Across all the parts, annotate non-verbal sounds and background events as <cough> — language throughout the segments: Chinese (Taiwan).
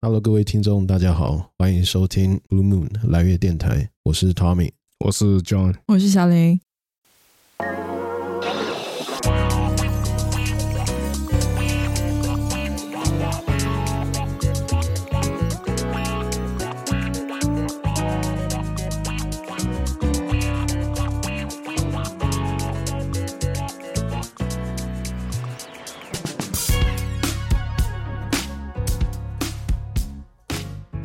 Hello，各位聽眾，大家好，歡迎收聽 Blue Moon 藍月電台。我是 Tommy，我是 John，我是小林。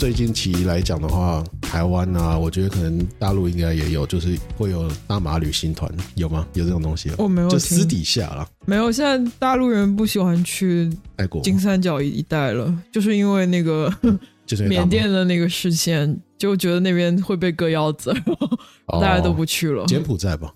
最近期來講的話，台灣啊，我覺得可能大陸應該也有，就是會有大麻旅行團，有嗎？有這種東西？我沒有，就私底下了。沒有，現在大陸人不喜歡去泰國金三角一帶了，就是因為那個 <laughs> 就是因為緬甸的那個事件，就覺得那邊會被割腰子，然後大家都不去了，哦。柬埔寨吧？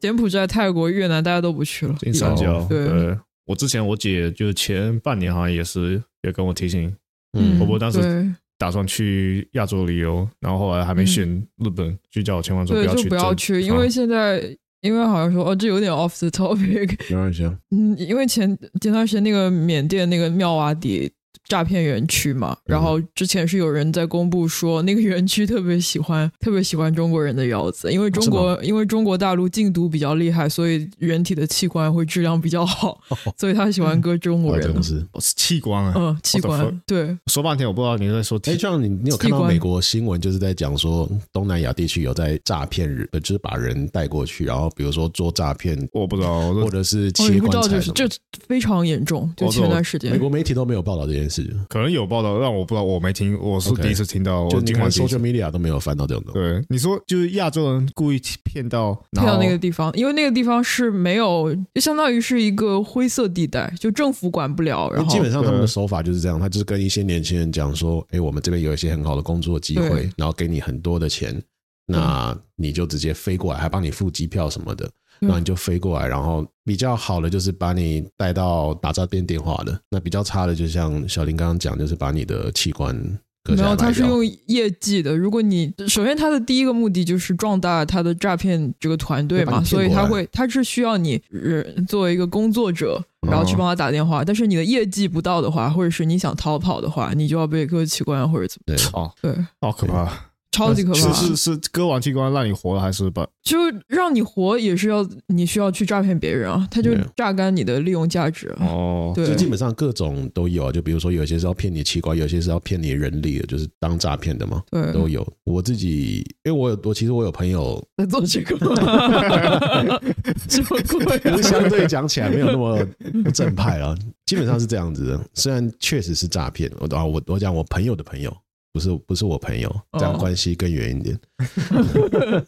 柬埔寨、泰國、越南，大家都不去了。金三角。對，我之前我姐就前半年好像也是也跟我提醒，嗯，我婆當時。打算去亞洲旅遊，然後後來還沒選日本，就、嗯、叫我千萬說不要去。對，就不要去、嗯，因為現在，因為好像說哦，這有點 off the topic。有點行。嗯，因為前前段時間那個緬甸那個妙瓦底。詐騙園區嘛，然後之前是有人在公布說，那個園區特別喜歡特別喜歡中國人的腰子，因為中國因為中國大陸禁毒比較厲害，所以人體的器官會質量比較好，哦、所以他喜歡割中國人、啊。的、哦、是器官啊，嗯，器官。Oh, fuck, 對，說半天我不知道你在說誒。這樣你你有看到美國新聞，就是在講說東南亞地區有在詐騙人，就是把人帶過去，然後比如說做詐騙，我不知道，或者是器官、哦。不知道就是就非常嚴重就，就前段時間美國媒體都沒有報道這件事。是，可能有報道，但我不知道，我沒聽，我是第一次聽到，okay, 就 social media 都沒有翻到這種東西。對，你說就是亞洲人故意騙到騙到那個地方，因為那個地方是沒有，相當於是一個灰色地帶，就政府管不了。然後基本上他們的手法就是這樣，他就是跟一些年輕人講說，哎、欸，我們這邊有一些很好的工作機會，然後給你很多的錢。那你就直接飛過來，還幫你付機票什麼的。嗯、那你就飛過來，然後比較好的就是把你帶到打詐騙電話的。那比較差的，就像小林剛剛講，就是把你的器官割下來。沒有，他是用業績的。如果你首先他的第一個目的就是壯大他的詐騙這個團隊嘛，所以他會，他是需要你作為一個工作者，然後去幫他打電話、哦。但是你的業績不到的話，或者是你想逃跑的話，你就要被割器官或者怎麼對，對？哦，對，好可怕。超級可怕是！是是是，割完器官讓你活了還是把？就讓你活也是要你需要去詐騙別人啊，他就榨乾你的利用價值哦、啊 yeah. oh.。就基本上各種都有、啊，就比如說有些是要騙你器官，有些是要騙你人力的，就是當詐騙的嘛，對，都有。我自己，因、欸、為我有我，我其實我有朋友做器官，這 <laughs> 麼 <laughs> <laughs> <laughs> <laughs> <laughs> 我相對講起來沒有那麼不正派啊。 <laughs> 基本上是這樣子的，雖然確實是詐騙。我啊，我我講我朋友的朋友。不是不是我朋友，這樣關係更遠一點。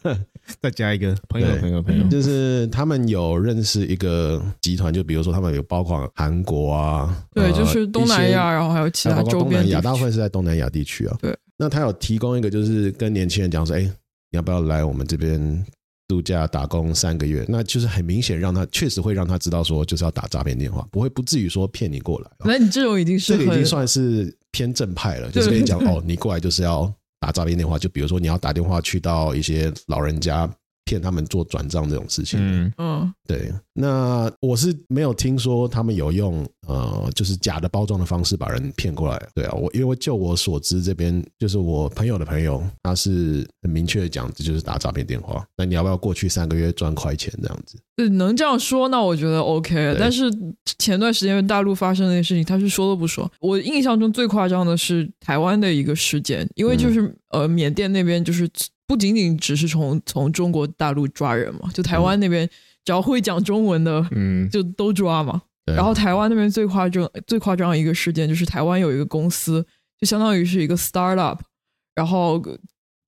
Oh. <laughs> 再加一個朋友，朋友，朋友，就是他們有認識一個集團，就比如說他們有包括韓國啊，對，就是東南亞，呃、然後還有其他周邊。東南亞大會是在東南亞地區啊。對，那他有提供一個，就是跟年輕人講說，哎，你要不要來我們這邊度假打工三個月？那就是很明顯讓他確實會讓他知道說，就是要打詐騙電話，不會不至於說騙你過來，啊。那你這種已經是，這已經算是。偏正派了，就是跟你講哦，你過來就是要打詐騙電話，就比如說你要打電話去到一些老人家。騙他們做轉賬這種事情嗯。嗯嗯，對。那我是沒有聽說他們有用呃，就是假的包裝的方式把人騙過來。對啊，我因為就我所知這，這邊就是我朋友的朋友，他是很明確的講這就是打詐騙電話。那你要不要過去三個月賺快錢這樣子？能這樣說，那我覺得 OK。但是前段時間大陸發生的那些事情，他是說都不說。我印象中最誇張的是台灣的一個事件，因為就是、嗯、呃，緬甸那邊就是。不僅僅只是從從中國大陸抓人嘛，就台灣那邊只要會講中文的，嗯，就都抓嘛、嗯。然後台灣那邊最誇張最誇張的一個事件就是台灣有一個公司，就相當於是一個 startup，然後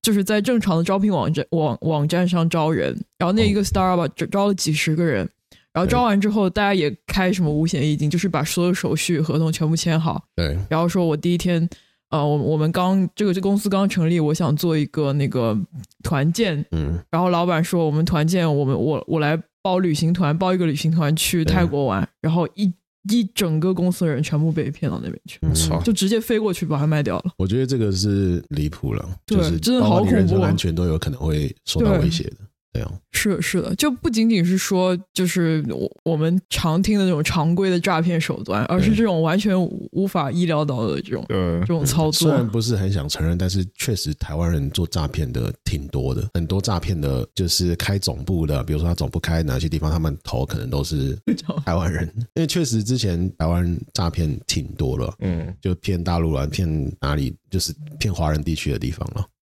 就是在正常的招聘網站網網站上招人，然後那一個 startup 就招了幾十個人，然後招完之後大家也開什麼五險一金，就是把所有手續合同全部簽好，對，然後說我第一天。呃，我我們剛這個這個、公司剛成立，我想做一個那個團建，嗯，然後老闆說我們團建，我們我我來包旅行團，包一個旅行團去泰國玩，嗯、然後一一整個公司的人全部被騙到那邊去，嗯、就直接飛過去把它賣掉了。我覺得這個是離譜了，對，就是真的好恐怖，人身安全都有可能會受到威脅的。對啊、是的是的，就不僅僅是說，就是我我們常聽的那種常規的詐騙手段，而是這種完全無法意料到的這種這種操作。雖然不是很想承認，但是確實台灣人做詐騙的挺多的，很多詐騙的，就是開總部的，比如說他總部開哪些地方，他們頭可能都是台灣人，因為確實之前台灣詐騙挺多的，嗯，就騙大陸人，騙哪裡，就是騙華人地區的地方了。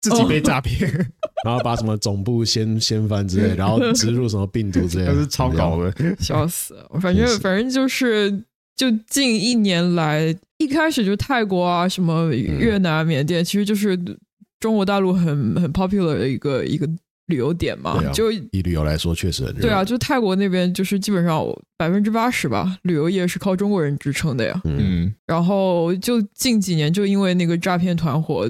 自己被詐騙，oh. 然後把什麼總部掀掀 <laughs> 翻之類，然後植入什麼病毒之類的，都 <laughs> 是超搞的， <laughs> 笑死了，反正反正就是，就近一年來，一開始就泰國啊，什麼越南、緬、嗯、甸，其實就是中國大陸很很 popular 的一個一個旅遊點嘛。對啊、就以旅遊來說，確實很熱。對啊，就泰國那邊，就是基本上百分之八十吧，旅遊業是靠中國人支撐的呀。嗯，然後就近幾年，就因為那個詐騙團夥。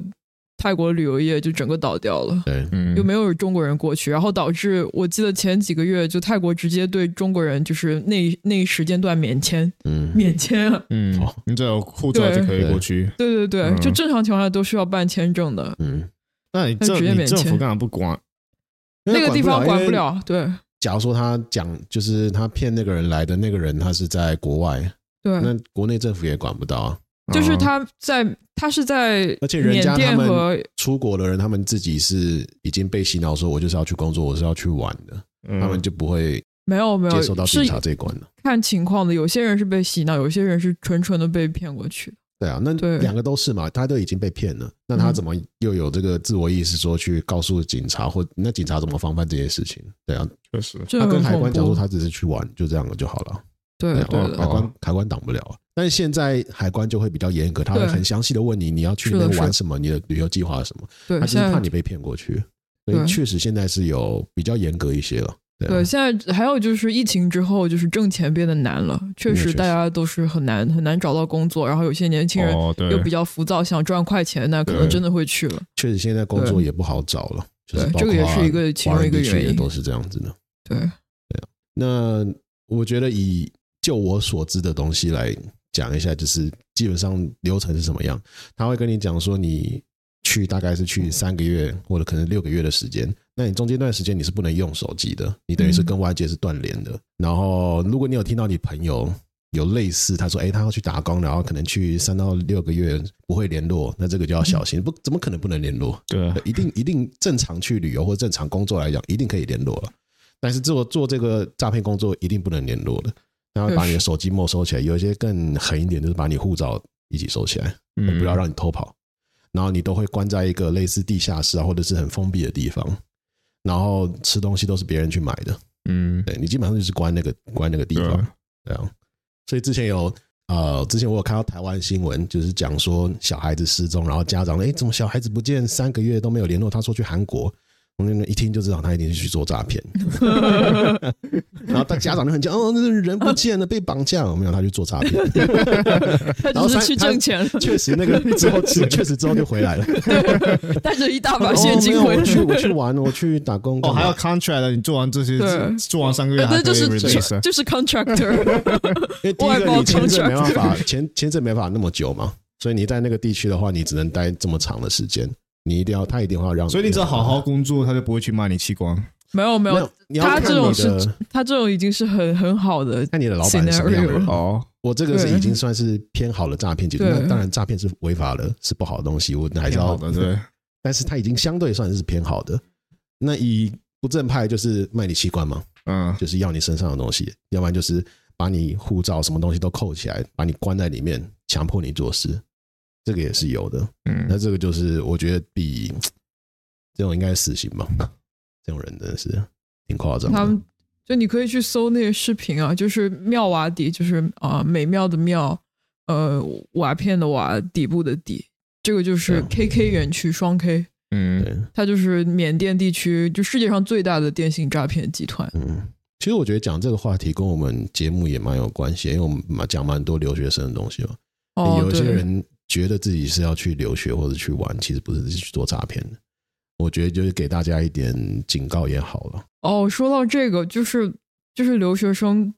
泰國旅遊業就整個倒掉了，對，又沒有，有中國人過去，嗯，然後導致我記得前幾個月，就泰國直接對中國人就是那那一時間段免簽，嗯，免簽啊。嗯，哦、你只要護照就可以過去，對對對，對，嗯，就正常情況下都需要辦簽證的，嗯，那你政你政府幹嘛不管，管不？那個地方管不了，對，假如說他講就是他騙那個人來的那個人，他是在國外，對，那國內政府也管不到啊。就是他在，哦、他是在緬甸和，而且人家他們出國的人，他們自己是已經被洗腦，說我就是要去工作，我是要去玩的，嗯、他們就不會沒有沒有接受到警察這一關了，看情況的，有些人是被洗腦，有些人是純純的被騙過去對啊，那對兩個都是嘛，他都已經被騙了，那他怎麼又有這個自我意識說去告訴警察，嗯、或那警察怎麼防範這些事情？對啊，確實，他跟海關講說他只是去玩，就，就這樣了就好了。對,對,對，海關、哦啊、海關擋不了，但是現在海關就會比較嚴格，他會很詳細的問你，你要去那邊玩什麼，是的是你的旅遊計劃是什麼？對他現在怕你被騙過去對，所以確實現在是有比較嚴格一些了。對啊、對，現在還有就是疫情之後，就是掙錢變得難了，確實大家都是很難很難找到工作，然後有些年輕人又比較浮躁，想賺快錢，那可能真的會去了。確實現在工作也不好找了，對，這個也是一個其中一個原因，都是這樣子的。對，對，對啊、那我覺得以。就我所知的東西來講一下，就是基本上流程是什麼樣。他會跟你講說，你去大概是去三個月或者可能六個月的時間。那你中間段時間你是不能用手機的，你等於是跟外界是斷聯的。然後，如果你有聽到你朋友有類似，他說、欸：“誒他要去打工，然後可能去三到六個月不會聯絡。”那這個就要小心，不怎麼可能不能聯絡？對，一定一定正常去旅遊或正常工作來講，一定可以聯絡了。但是做做這個詐騙工作，一定不能聯絡的。然後把你的手機沒收起來，有一些更狠一點，就是把你護照一起收起來，嗯，不要讓你偷跑。然後你都會關在一個類似地下室、啊、或者是很封閉的地方，然後吃東西都是別人去買的，嗯對，對你基本上就是關那個關那個地方、嗯、這樣。所以之前有啊、呃，之前我有看到台灣新聞，就是講說小孩子失蹤，然後家長哎，怎麼小孩子不見三個月都沒有聯絡？他說去韓國。我們一聽就知道他一定是去做詐騙，然後他家長就很驚，哦，那人不見了，被綁架，我們講他去做詐騙，他只 <laughs> 是去掙錢。確實，那個之後，確 <laughs> 實之後就回來了，帶着一大把現金回來。我去，我去玩，我去打工，哦，還要 contract 你做完這些，做完三個月還、欸，那就是就是對、就是、contractor， <laughs> 因為第一個你簽證沒辦法，簽簽證沒辦法那麼久嘛，所以你在那個地區的話，你只能待這麼長的時間。你一定要，他一定要讓。所以你只要好好工作，啊，他就不會去賣你器官。沒有沒有，他這種是，他這種已經是很很好的。看你的老板是什麼樣的。哦，我這個是已經算是偏好的詐騙集團，那當然詐騙是違法的，是不好的東西，我還是要。對。但是他已經相對算是偏好的。那以不正派就是賣你器官嘛，嗯，就是要你身上的東西，要不然就是把你護照什麼東西都扣起來，把你關在裡面，強迫你做事。這個也是有的，嗯，那這個就是我覺得比這種應該是死刑吧、啊，這種人真的是挺誇張他們，就你可以去搜那些視頻啊，就是“妙瓦底”，就是啊、呃，美妙的妙，呃，瓦片的瓦，底部的底，這個就是 KK 園區雙 K，嗯，對，它就是緬甸地區就世界上最大的電信詐騙集團。嗯，其實我覺得講這個話題跟我們節目也蠻有關係，因為我們講蠻多留學生的東西嘛，哦欸、有些人。覺得自己是要去留學或者去玩，其實不是去做詐騙的。我覺得就是給大家一點警告也好了。哦，說到這個，就是就是留學生，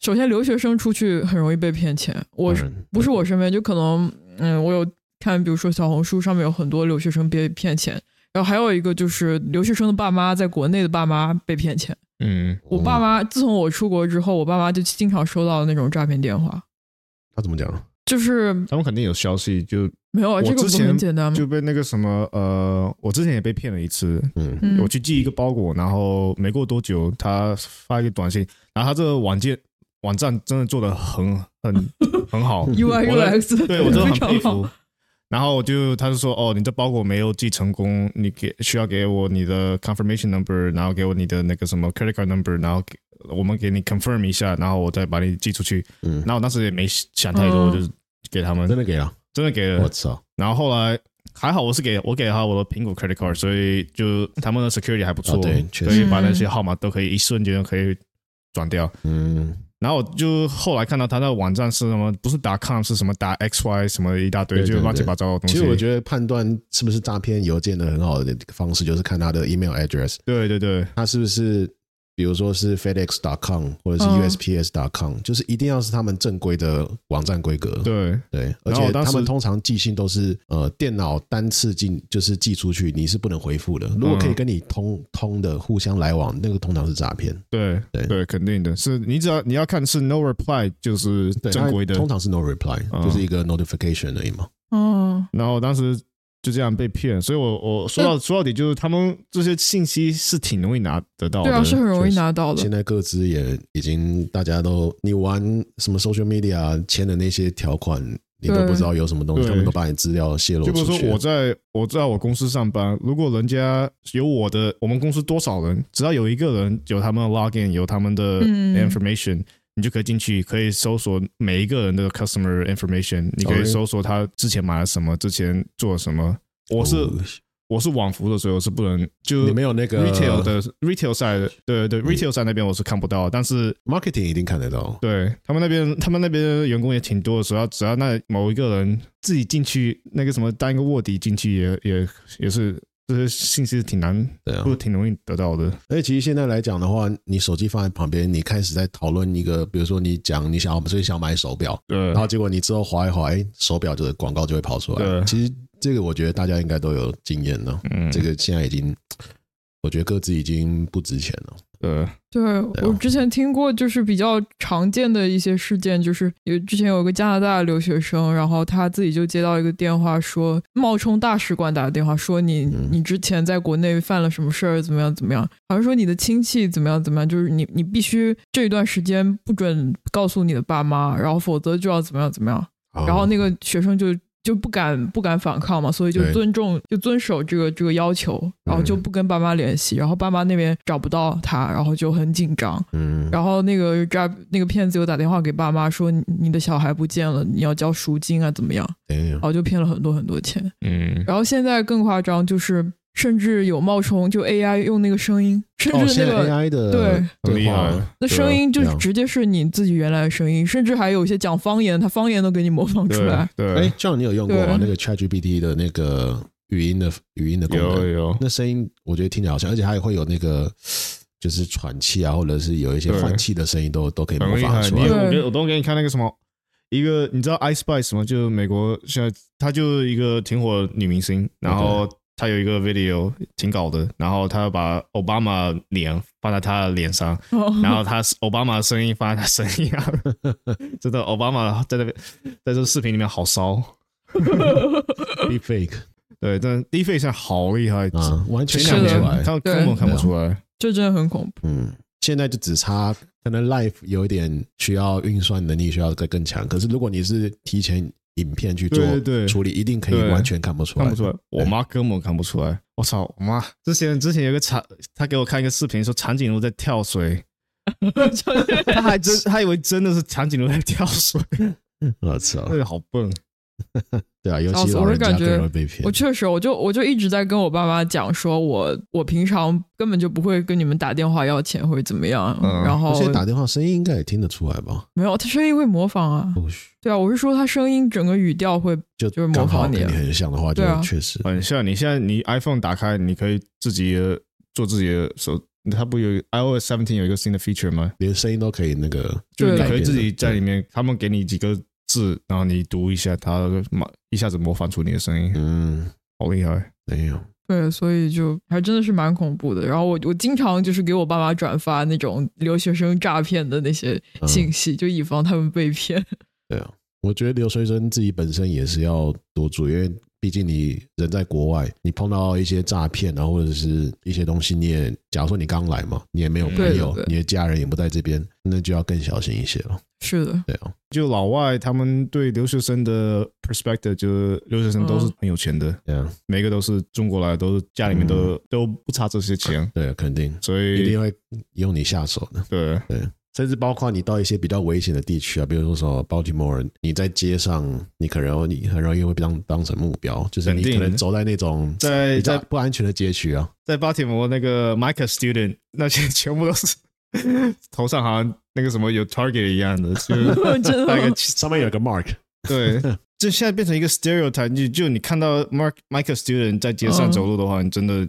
首先留學生出去很容易被騙錢。我、嗯、不是我身邊就可能嗯，我有看，比如說小紅書上面有很多留學生被騙錢。然後還有一個就是留學生的爸媽在國內的爸媽被騙錢。嗯，我爸媽、嗯、自從我出國之後，我爸媽就經常收到那種詐騙電話。他怎麼講？就是，他們肯定有消息，就沒有。我之前就被那個什麼、這個，呃，我之前也被騙了一次。嗯，我去寄一個包裹，然後沒過多久，他發一個短信，然後他這個網站網站真的做得很很 <laughs> 很好，UIUX，對，對我真的很佩服。然後我就他就說，哦，你這包裹沒有寄成功，你給需要給我你的 confirmation number，然後給我你的那個什麼 credit card number，然後給我們給你 confirm 一下，然後我再把你寄出去。嗯，然後我當時也沒想太多，就、嗯、是。給他們真的給了，真的給了，我操！然後後來還好，我是給我給了他我的蘋果 credit card，所以就他們的 security 還不錯，對，可以把那些號碼都可以一瞬間可以轉掉。嗯，然後我就後來看到他那個網站是什麼，不是打 com 是什麼打 xy 什麼一大堆，就亂七八糟的東西、嗯。其實我覺得判斷是不是詐騙郵件的很好的方式就是看他的 email address，對對對，他是不是？比如說是 FedEx.com 或者是 USPS.com，、嗯、就是一定要是他們正規的網站規格。對對，而且然後他們通常寄信都是呃電腦單次寄，就是寄出去你是不能回復的。如果可以跟你通、嗯、通的互相來往，那個通常是詐騙。對對對，對，肯定的是，你只要你要看是 No Reply，就是正規的，通常是 No Reply，、嗯、就是一個 Notification 而已嘛。哦、嗯，然後當時。就這樣被騙，所以我我說到、嗯、說到底就是他們這些信息是挺容易拿得到的，對啊，是很容易拿到的。就是、現在各自也已經大家都，你玩什麼 social media 簽的那些條款，你都不知道有什麼東西，對、他們都把你資料泄露出去。就比如說我在我在我公司上班，如果人家有我的，我們公司多少人，只要有一個人有他們的 login，有他們的 information、嗯。你就可以進去，可以搜索每一個人的 customer information。你可以搜索他之前買了什麼，之前做了什麼。我是我是網服的，所以我是不能，就沒有那個 retail 的 retail side。對對 retail side 那邊我是看不到，但是 marketing 一定看得到。對他們那邊，他們那邊員工也挺多的，只要只要那某一個人自己進去，那個什麼當一個臥底進去，也也也是。這、就、些、是、信息挺難，不是挺容易得到的。啊、其實現在來講的話，你手機放在旁邊，你開始在討論一個，比如說你講你想要，所以想買手錶，對，然後結果你之後滑一滑，哎，手錶這個廣告就會跑出來，對。其實這個我覺得大家應該都有經驗了。嗯，這個現在已經，我覺得個資已經不值錢了。對，對我之前聽過，就是比較常見的一些事件，就是有之前有個加拿大留學生，然後他自己就接到一個電話，說冒充大使館打的電話，說你、嗯、你之前在國內犯了什麼事兒，怎麼樣怎麼樣，好像說你的親戚怎麼樣怎麼樣，就是你你必須這一段時間不准告訴你的爸媽，然後否則就要怎麼樣怎麼樣，然後那個學生就。就不敢不敢反抗嘛，所以就尊重就遵守這個這個要求，然後就不跟爸媽聯繫，嗯，然後爸媽那邊找不到他，然後就很緊張。嗯，然後那個詐，那個騙子又打電話給爸媽說你，你的小孩不見了，你要交贖金啊，怎麼樣，嗯。然後就騙了很多很多錢。嗯，然後現在更誇張就是。甚至有冒充，就 AI 用那個聲音，甚至的那個、哦、AI 的對，很厲害。那聲音就直接是你自己原來的聲音，甚至還有一些講方言，他方言都給你模仿出來。對，哎，John 你有用過嗎？那個 ChatGPT 的那個語音的語音的功能，有有。那聲音我覺得聽起來好像，而且它也會有那個就是喘氣啊，或者是有一些換氣的聲音都，都都可以模仿出來。我等會都給你看那個什麼，一個你知道 Ice Spice 嗎？就美國現在它就是一個挺火的女明星，然後。他有一個 video，挺搞的。然後他把奧巴馬臉放在他的臉上，oh. 然後他奧巴馬聲音放在他聲音上、啊。Oh. <laughs> 真的，奧巴馬在那邊，在這個視頻裡面好騷。 <laughs> Deepfake，對，但 Deepfake 現在好厲害，啊、完全看不出來，他根本看不出來，不出來，就真的很恐怖。嗯，現在就只差，可能 life 有一點需要運算能力需要更更強。可是如果你是提前影片去做處理，對對對，一定可以完全看不出來。看不出來、欸，我媽根本看不出來。我操，我媽！之前之前有個長，她給我看一個視頻說，說長頸鹿在跳水， <laughs> <laughs> 她還真她以為真的是長頸鹿在跳水。 <laughs> 我操，這、哎、個好笨。 <laughs> 對啊，尤其、oh, 我是感覺，我確實，我就我就一直在跟我爸媽講，說我我平常根本就不會跟你們打電話要錢或怎麼樣。嗯、然後現在打電話聲音應該也聽得出來吧？沒有，他聲音會模仿啊。Oh, 對啊，我是說他聲音整個語調會就就是模仿你，你很像的話就，對啊，確實很像你。你現在你 iPhone 打開，你可以自己做自己的手，它不有 iOS seventeen 有一個新的 feature 嗎？連聲音都可以那個，就你可以自己在裡面，他們給你幾個字，然後你讀一下，他馬一下子模仿出你的聲音，嗯，好厲害，沒有，對，所以就還真的是蠻恐怖的。然後我我經常就是給我爸媽轉發那種留學生詐騙的那些信息，嗯，就以防他們被騙。對啊，我覺得留學生自己本身也是要多注意。畢竟你人在國外，你碰到一些詐騙啊，或者是一些東西，你也假如說你剛來嘛，你也沒有朋友，對對對，你的家人也不在這邊，那就要更小心一些了。是的，對哦、啊。就老外他們對留學生的 perspective，就是留學生都是很有錢的，對、哦，每個都是中國來的，都是家裡面都、嗯、都不差這些錢，對，肯定，所以一定會用你下手的，對對。甚至包括你到一些比較危險的地區啊，比如說什麼 Baltimore。你在街上，你可能你很容易會被當當成目標，就是你可能走在那種在在不安全的街區啊，在 Baltimore 那個 MICA student 那些全部都是頭上好像那個什麼有 Target 一樣的，那個上面有個 Mark， <laughs> 哦、對，就現在變成一個 stereotype，就你看到 Mark MICA student 在街上走路的話，哦、你真的。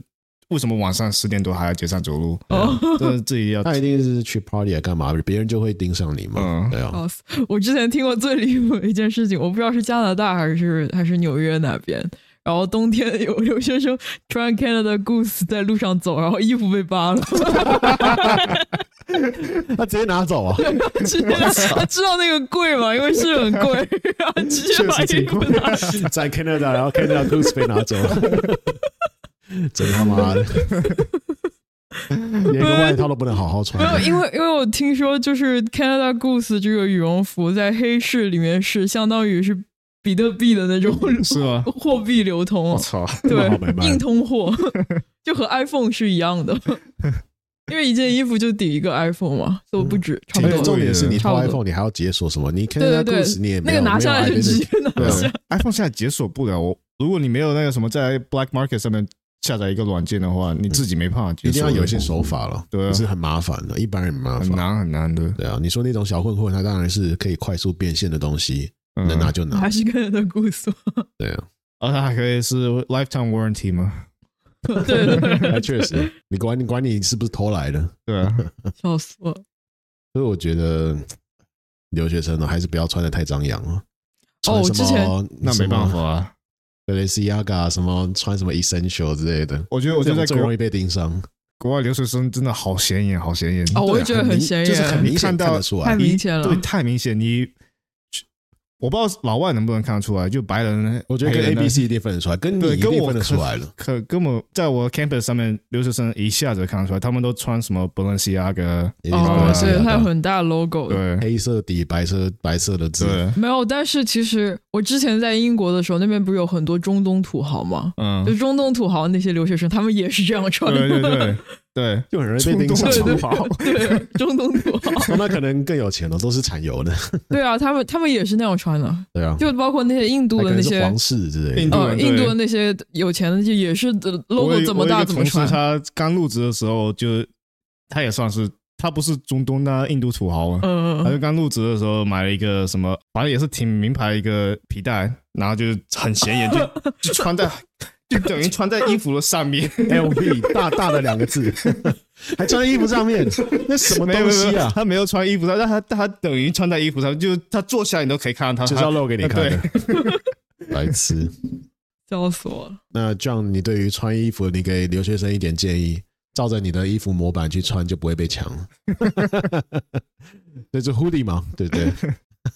為什麼晚上十點多還要街上走路？嗯、哦，這、就是、自己要他一定是去 party 啊，幹嘛？別人就會盯上你嘛？嗯、對啊。Oh, 我之前聽過最離譜的一件事情，我不知道是加拿大還是還是紐約哪邊，然後冬天有留學生穿 Canada Goose 在路上走，然後衣服被扒了。 <laughs> 他直接拿走啊！ <laughs> 他直接拿走啊 <laughs> 他知道那個貴嗎？因為是很貴，然後直接把衣服拿走。在 <laughs> Canada，然後 Canada Goose 被拿走了。 <laughs> 真他媽的， <laughs> <laughs> 連個外套都不能好好穿不。沒有，因為因為我聽說，就是 Canada Goose 這個羽絨服在黑市裡面是相當於是比特幣的那種，是嗎？貨幣流通，我操，對， <laughs> 硬通貨，就和 iPhone 是一樣的。因為一件衣服就抵一個 iPhone 嘛，都不止。而、嗯、且重點是你破 iPhone，你還要解鎖什麼？你 Canada Goose 你也沒對對那個拿下來就直接拿下。iPhone 現在解鎖不了我，如果你沒有那個什麼在 Black Market 上面。下載一個軟件的話，你自己沒辦法，嗯，一定要有一些手法了，對，嗯，是很麻煩的，啊啊，一般人很麻煩，很難很難的。對啊，你說那種小混混，他當然是可以快速變現的東西，能，嗯、拿就拿，還是個人的故事。對啊，哦，啊，還可以是 lifetime warranty 嗎？ <laughs> 對對確對笑實，你管你管你是不是偷來的，對啊，笑死我了。 <laughs> 所以我覺得留學生呢，還是不要穿的太張揚了。哦，之前什麼，那沒辦法啊。類似 y 什麼穿什麼 essential 之類的，我覺得我就在國最容易被盯上。國外留學生真的好顯眼，眼，好顯眼哦，我也覺得很顯眼，對很明顯，就是很，你看到太明顯了，對，太明顯你。我不知道老外能不能看得出來，就白人，我覺得跟 A B C 一定分得出來，跟你跟我分得出來了，可跟我可，跟我在我 campus 上面留學生一下子看得出來，他們都穿什麼 Balenciaga，哦，所以它有很大的 logo，對，對，黑色底白色白色的字，沒有，但是其實我之前在英國的時候，那邊不是有很多中東土豪嗎？嗯，就中東土豪那些留學生，他們也是這樣穿。的。對對對對，就很容易被盯上中東土豪。 <laughs> 對，中東土豪，那可能更有錢了，都是產油的。對啊，他們他們也是那樣穿的啊。對啊，就包括那些印度的那些皇室之類，的印、呃、印度的那些有錢的，就也是 logo 怎麼大怎麼穿。同事他剛入職的時候就，就他也算是他不是中東的印度土豪嘛，嗯，他就剛入職的時候買了一個什麼，反正也是挺名牌一個皮帶，然後就很顯眼，就 <laughs> 就穿戴。就等於穿在衣服的上面，LV <laughs> <laughs> 大大的兩個字，還穿在衣服上面，那什麼東西啊？沒有沒有他沒有穿衣服上他，他但他他等於穿在衣服上，就他坐下來你都可以看到他，就是要露給你看的，對，白癡，笑死我了。那這樣，你對於穿衣服，你給留學生一點建議，照着你的衣服模板去穿，就不會被搶了。這 <laughs> 是狐狸嘛，對不對,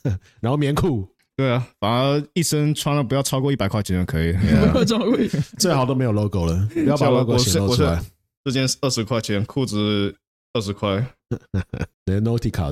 對？ <laughs> 然後棉褲。對啊，反而一身穿了不要超過一百塊錢就可以，yeah, 最好都沒有 logo 了， <laughs> 不要把 logo 顯露出來。這件是二十塊錢，褲子二十塊，那哈哈。t 卡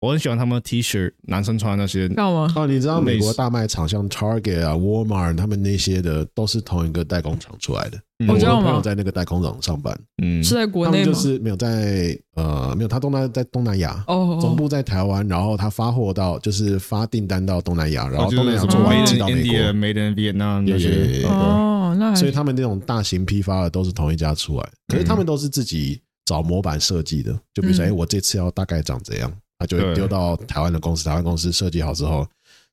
我很喜歡他們的 T 恤，男生穿那些，知道嗎、哦？你知道美國大賣場像 Target 啊、Walmart 他們那些的都是同一個代工廠出來的。嗯哦、我有個朋友在那個代工廠上班，嗯，是在國內嗎？他們就是沒有在呃，沒有，他東南在，在東南亞，哦，哦，總部在台灣，然後他發貨到就是發訂單到東南亞，然後東南亞做完寄到美國 in India,，Made in Vietnam，就是對哦，那所以他們那種大型批發的都是同一家出來，是可是他們都是自己找模板設計的、嗯，就比如說，哎，我這次要大概長怎樣？他就會丟到台灣的公司，台灣公司設計好之後，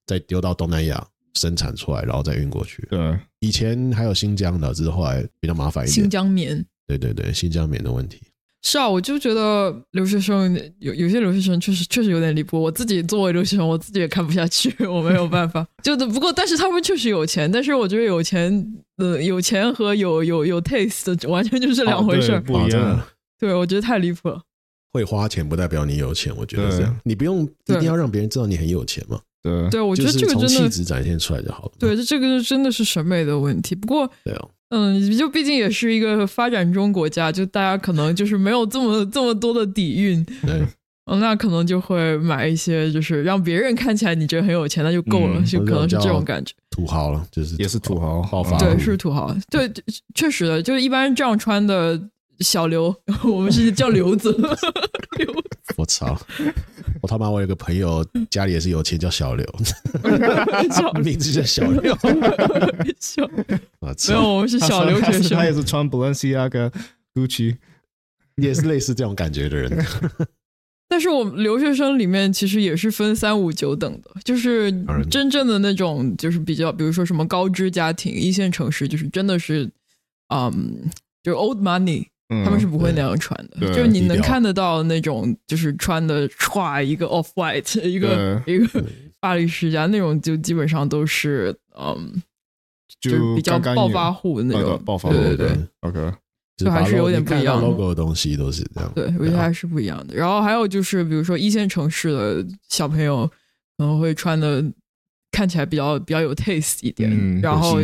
再丟到東南亞生產出來，然後再運過去。對，以前還有新疆的，只是後來比較麻煩一點。新疆棉，對對對，新疆棉的問題。是啊，我就覺得留學生有有些留學生確實確實有點離譜。我自己作為留學生，我自己也看不下去，我沒有辦法。 <laughs> 就不過，但是他們確實有錢，但是我覺得有錢，嗯、呃，有錢和有有有 taste 完全就是兩回事，哦，不一樣對。對，我覺得太離譜了。會花錢不代表你有錢，我覺得是這樣，你不用一定要讓別人知道你很有錢嘛。對，對我覺得這個真的，氣質展現出來就好了。對，這個對這個真的是審美的問題。不過對、哦，嗯，就畢竟也是一個發展中國家，就大家可能就是沒有這麼這麼多的底蘊。對，嗯，那可能就會買一些，就是讓別人看起來你這很有錢，那就夠了，嗯、就可能是這種感覺，土豪了，就是也是土豪，豪發、嗯、對，是土豪，對，確實的，就是一般這樣穿的。小劉，我們是叫劉子。 <laughs> 劉子我操！我他媽，我有一個朋友家裡也是有錢，叫小劉， <laughs> 名字叫小劉。 <laughs> 小， <laughs> 沒有，我們是小留學生他他，他也是穿 Balenciaga、Gucci 也是類似這種感覺的人。 <laughs> 但是我們留學生裡面其實也是分三五九等的，就是真正的那種，就是比較，比如說什麼高知家庭、一線城市，就是真的是，嗯，就是 old money。嗯、他們是不會那樣穿的，就是你能看得到那種，就是穿的穿一個 off white 一個一個巴黎世家那種，就基本上都是嗯，就比較暴發戶那種，那個、爆發對對對，OK，就還是有點不一樣。logo 的東西都是這樣，對，我覺得還是不一樣的。然後還有就是，比如說一線城市的小朋友可能會穿的看起來比較比較有 taste 一點，嗯，然後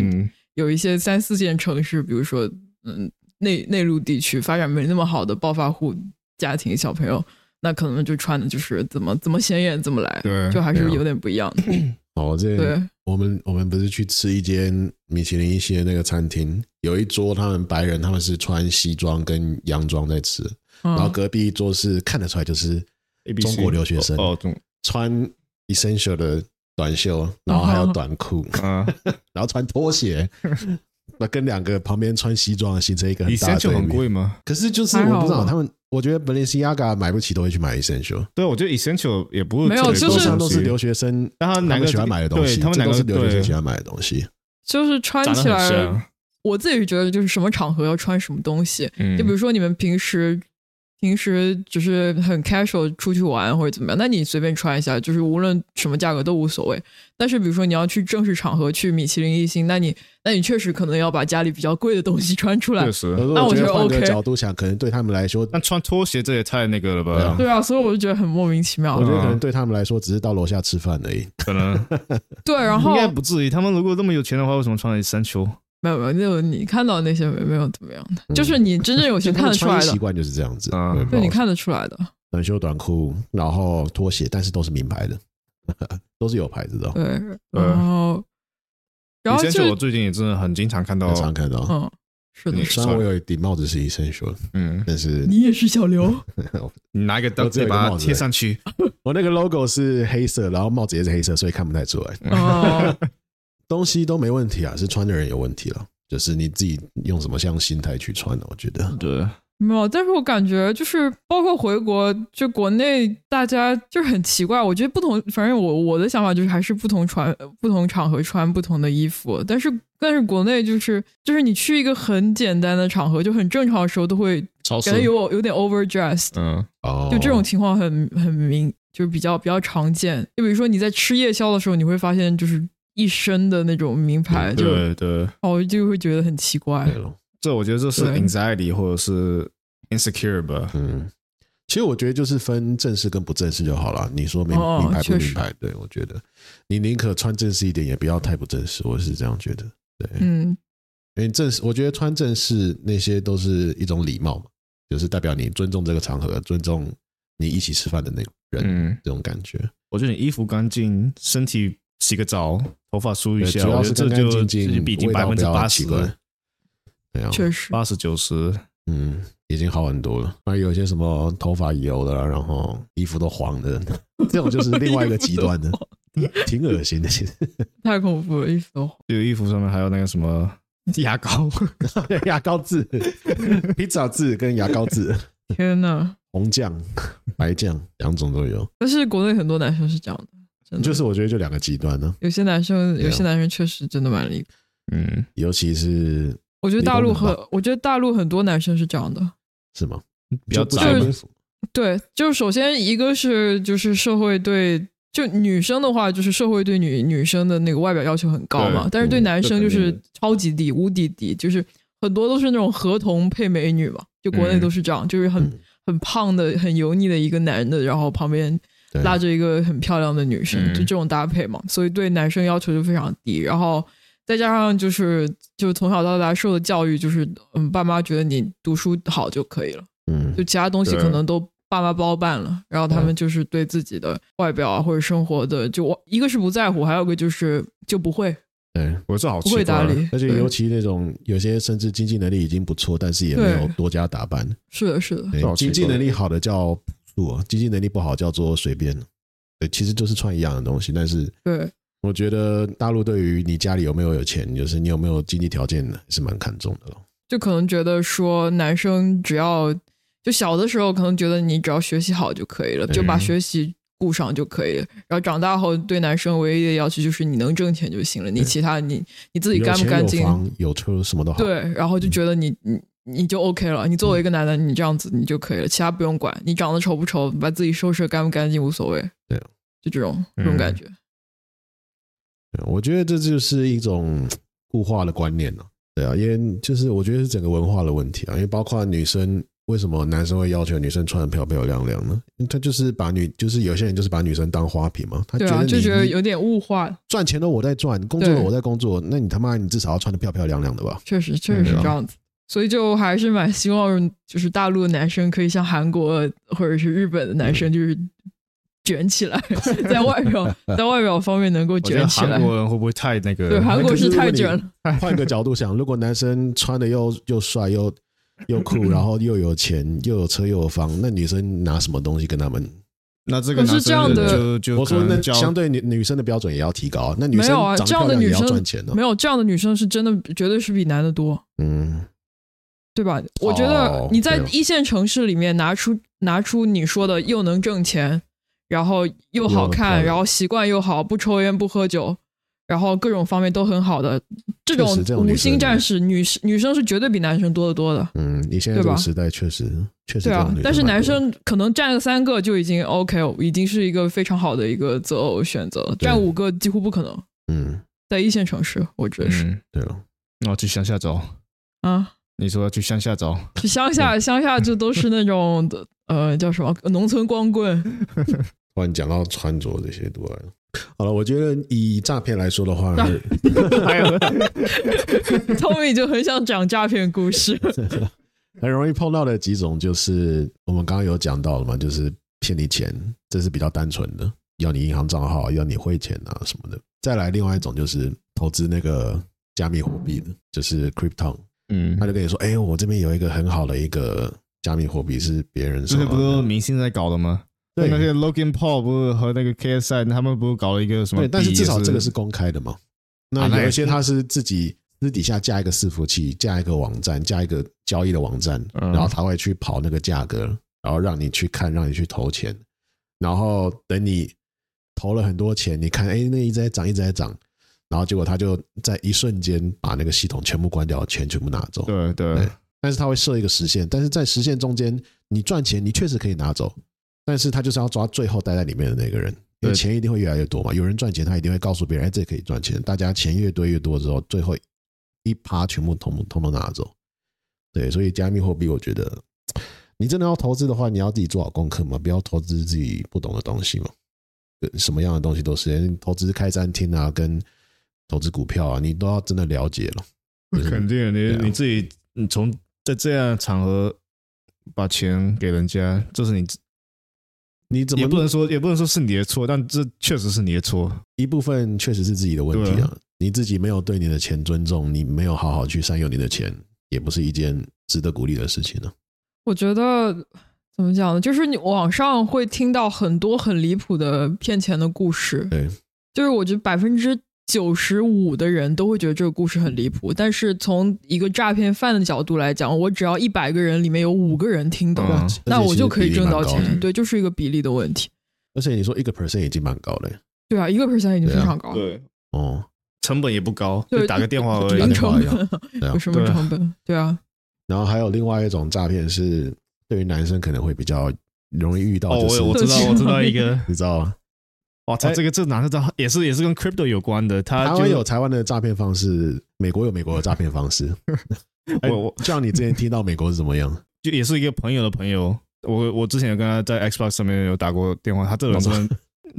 有一些三四線城市，比如說嗯，內內陸地區發展沒那麼好的暴發戶家庭小朋友，那可能就穿的就是怎麼怎麼鮮艷怎麼來，對，就還是有點不一樣的。哦，這對我們我們不是去吃一間米其林一些那個餐廳，有一桌他們白人他們是穿西裝跟洋裝在吃，啊、然後隔壁一桌是看得出來就是中國留學生 ABC，哦，哦中，穿 essential 的短袖，然後還有短褲，啊啊 <laughs> 然後穿拖鞋。啊 <laughs> 那跟兩個旁邊穿西裝形成一個很大的對比。Essential，很貴嗎？可是就是我不知道他們， <music> 他們我覺得本尼西亞 ga 買不起都會去買 Essential。對，我覺得 Essential 也不會沒有，就是都是留學生，他，男的這個，他們兩個喜歡買的東西，他們兩個都是留學生喜歡買的東西。就是穿起來，我自己覺得就是什麼場合要穿什麼東西。嗯、就比如說你們平時。平時就是很 casual 出去玩或者怎麼樣，那你隨便穿一下，就是無論什麼價格都無所謂。但是比如說你要去正式場合，去米其林一星，那你那你確實可能要把家裡比較貴的東西穿出來。確實，那我覺得 OK。換個角度想，可能對他們來說，但穿拖鞋這也太那個了吧？嗯、對啊，所以我就覺得很莫名其妙、嗯。我覺得可能對他們來說，只是到樓下吃飯而已。可能 <laughs> 對，然後應該不至於。他們如果那麼有錢的話，為什麼穿 Essentials？沒有沒有，你看到那些沒有怎麼樣的，嗯、就是你真正有些看得出來的、嗯。穿習慣就是這樣子，被、嗯、你看得出來的。短袖、短褲，然後拖鞋，但是都是名牌的，都是有牌子的。對，然後 Essential，然後就是、然後就我最近也真的很經常看到。經常看到、嗯是嗯。是的。上我有一頂帽子是 Essential 的，嗯，但是你也是小劉， <laughs> 你拿一個刀子把它貼上去。我， <laughs> 我那個 logo 是黑色，然後帽子也是黑色，所以看不太出來。嗯 <laughs> 東西都沒問題啊，是穿的人有問題了。就是你自己用什麼樣心態去穿的、啊，我覺得。對，沒有。但是我感覺就是，包括回國，就國內大家就很奇怪。我覺得不同，反正我我的想法就是還是不同穿、呃，不同場合穿不同的衣服。但是但是國內就是就是你去一個很簡單的場合，就很正常的時候都會感覺有超有點 overdressed 嗯。嗯、哦、就這種情況很很明，就是比較比較常見。就比如說你在吃夜宵的時候，你會發現就是。一身的那種名牌，對對，對，哦、oh，就會覺得很奇怪。這我覺得這是 anxiety 或者是 insecure 吧。嗯，其實我覺得就是分正式跟不正式就好了。你說名、哦、名牌不名牌？對我覺得，你寧可穿正式一點，也不要太不正式。我是這樣覺得。對，嗯，因為正式，我覺得穿正式那些都是一種禮貌嘛，就是代表你尊重這個場合，尊重你一起吃飯的那個人、嗯，這種感覺。我覺得你衣服乾淨，身體。洗個澡，頭髮梳一下，這就已經已經百分之八十了，對啊、確實八十九十，嗯，已經好很多了。還有些什麼頭髮油的啦，然後衣服都黃的，這種就是另外一個極端的， <laughs> 挺惡心的，其實太恐怖了，衣服都。有衣服上面還有那個什麼牙膏， <laughs> 牙膏漬字、皮草漬跟牙膏漬，天哪、啊，紅醬、白醬兩種都有。但是國內很多男生是這樣的。就是我覺得就兩個極端呢、啊。有些男生，有些男生確實真的蠻厲害。嗯，尤其是我覺得大陸和我覺得大陸很多男生是這樣的，是嗎？比較不灑脫。對，就是首先一個是就是社會對就女生的話，就是社會對女女生的那個外表要求很高嘛，但是對男生就是超級低、嗯，無敵低、嗯，就是很多都是那種合同配美女嘛，就國內都是這樣，嗯、就是很、嗯、很胖的、很油膩的一個男的，然後旁邊。拉着一個很漂亮的女生、嗯，就這種搭配嘛，所以對男生要求就非常低。然後再加上就是，就從小到大受的教育，就是，嗯，爸媽覺得你讀書好就可以了，嗯，就其他東西可能都爸媽包辦了。然後他們就是對自己的外表啊、嗯、或者生活的，就我一個是不在乎，還有一個就是就不會。對，我是好奇、啊，不會打理。而且尤其那種有些，甚至經濟能力已經不錯，但是也沒有多加打扮。是的，是的。是啊、經濟能力好的叫。路、啊、經濟能力不好叫做隨便，對，其實就是穿一樣的東西。但是對我覺得大陸對於你家裡有沒有有錢，就是你有沒有經濟條件呢，是蠻看重的咯。就可能覺得說男生只要就小的時候可能覺得你只要學習好就可以了，就把學習顧上就可以了。嗯、然後長大後對男生唯一的要求就是你能掙錢就行了。嗯、你其他你你自己乾不乾淨、有房有車什麼都好。對，然後就覺得你你。嗯你就 OK 了。你作為一個男的、嗯，你這樣子你就可以了，其他不用管。你長得醜不醜，把自己收拾乾不乾淨無所謂。對、啊，就這種、嗯、這種感覺。我覺得這就是一種物化的觀念了、啊。對啊，因為就是我覺得是整個文化的問題啊。因為包括女生為什麼男生會要求女生穿的漂漂亮亮呢？因為他就是把女，就是有些人就是把女生當花瓶嘛。他覺得對、啊、就覺得有點物化。賺錢的我在賺，工作的我在工作，那你他媽你至少要穿的漂漂亮亮的吧？確實確實有沒有是這樣子。所以就還是蠻希望，就是大陸的男生可以像韓國或者是日本的男生，就是卷起來、嗯， <laughs> 在外表，在外表方面能夠卷起來。我覺得韓國人會不會太那個？對，韓國是太卷了。換個角度想，如果男生穿的又又帥又又酷，然後又有錢又有車又有房，那女生拿什麼東西跟他們？那這個是，就可是這樣的。就我說相對女女生的標準也要提高。那女生要錢沒有啊，這樣的女生沒有，這樣的女生是真的，絕對是比男的多。嗯。對吧？Oh, 我覺得你在一線城市裡面拿出拿出你說的又能掙錢，然後又好看，看然後習慣又好，不抽菸不喝酒，然後各種方面都很好的這種五星戰士，女生女，女生是絕對比男生多得多的。嗯，你現在這個時代確實吧，確實對啊，但是男生可能占三個就已經 OK，已經是一個非常好的一個擇偶選擇。占五個幾乎不可能。嗯，在一線城市，我覺得是。嗯，對了，那我就向下走啊。你說要去鄉下找？去鄉下鄉下就都是那種 <laughs> 呃，叫什麼農村光棍。突然講到穿着這些多了。好了，我覺得以詐騙來說的話，聰 <laughs> 明 <laughs> <laughs> 就很想講詐騙故事。 <laughs> 很容易碰到的幾種就是我們剛剛有講到的嘛，就是騙你錢，這是比較單純的，要你銀行賬號，要你匯錢啊什麼的。再來，另外一種就是投資那個加密貨幣的，就是 Crypton 嗯，他就跟你說，哎、欸，我這邊有一個很好的一個加密貨幣，是別人，這個不是明星在搞的嗎？對，那些、個、Logan Paul 不是和那個 KSI 他們不是搞了一個什麼？對，但是至少這個是公開的嘛。那有一些他是自己私底下架一個伺服器，架一個網站，架一個交易的網站，嗯、然後他會去跑那個價格，然後讓你去看，讓你去投錢，然後等你投了很多錢，你看，哎、欸，那一直在漲，一直在漲。然後結果他就在一瞬間把那個系統全部關掉，錢全部拿走。對對，但是他會設一個時限，但是在時限中間，你賺錢你確實可以拿走，但是他就是要抓最後待在裡面的那個人，因為錢一定會越來越多嘛。有人賺錢，他一定會告訴別人，哎，這可以賺錢。大家錢越堆越多之後，最後一趴全部統統都拿走。對，所以加密貨幣，我覺得你真的要投資的話，你要自己做好功課嘛，不要投資自己不懂的東西嘛。對，什麼樣的東西都是，投資開餐廳啊，跟投資股票啊，你都要真的了解了。就是、肯定你、啊、你自己，你從在這樣場合把錢給人家，這、就是你你怎麼也不能說也不能說是你的錯，但這確實是你的錯。一部分確實是自己的問題啊，你自己沒有對你的錢尊重，你沒有好好去善用你的錢，也不是一件值得鼓勵的事情呢、啊。我覺得怎麼講呢？就是你網上會聽到很多很離譜的騙錢的故事，對，就是我覺得百分之九十五的人都會覺得這個故事很離譜，但是從一個詐騙犯的角度來講，我只要一百個人裡面有五個人聽懂、嗯啊，那我就可以掙到錢。對，就是一個比例的問題。而且你說一個 percent 已經蠻高了，、啊、已經高了。對啊，一個 percent 已經非常高。對，哦，成本也不高，對就打個電話而已，打個電話對、啊、零成本有什麼成本對、啊對啊？對啊。然後還有另外一種詐騙是，對於男生可能會比較容易遇到。哦，我知道對、啊、我知道，我知道一個，你知道嗎？哇，他這個這哪是詐？也是也是跟 crypto 有關的。他就台灣有台灣的詐騙方式，美國有美國的詐騙方式。 <laughs> 我我像 <laughs> 你之前聽到美國是怎麼樣？就也是一個朋友的朋友，我我之前有跟他在 Xbox 上面有打過電話，他這個人是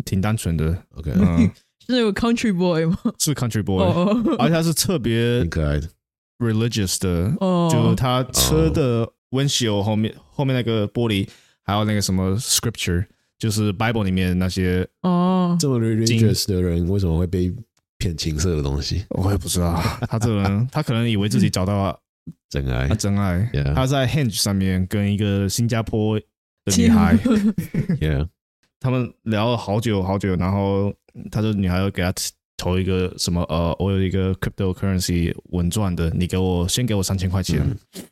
挺單純的。 <laughs> OK，、嗯、 <laughs> 是那個 Country Boy 嗎？是 Country Boy，oh, oh. 而且他是特別很可愛的，religious 的，oh. 就他車的 windshield 後面後面那個玻璃，還有那個什麼 Scripture。就是 Bible 裡面那些哦，這麼 religious 的人為什麼會被騙情色的東西？我也不知道， <laughs> 他這個人，他可能以為自己找到了真愛、嗯，真愛。啊真愛 yeah. 他在 Hinge 上面跟一個新加坡的女孩， <laughs> yeah. 他們聊了好久好久，然後他說女孩要給他投一個什麼呃，我有一個 cryptocurrency 穩賺的，你給我先給我三千塊錢、嗯，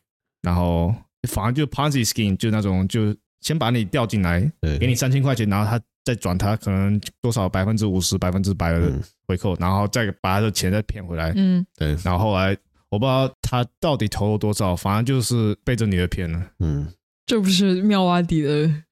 然後反正就 Ponzi skin，就那種就。先把你調進來，給你三千塊錢，然後他再轉他可能多少百分之五十、百分之百的回扣、嗯，然後再把他的錢再騙回來。嗯，對。然後後來我不知道他到底投了多少，反正就是被這女的騙了、嗯。嗯，這不是妙瓦底的。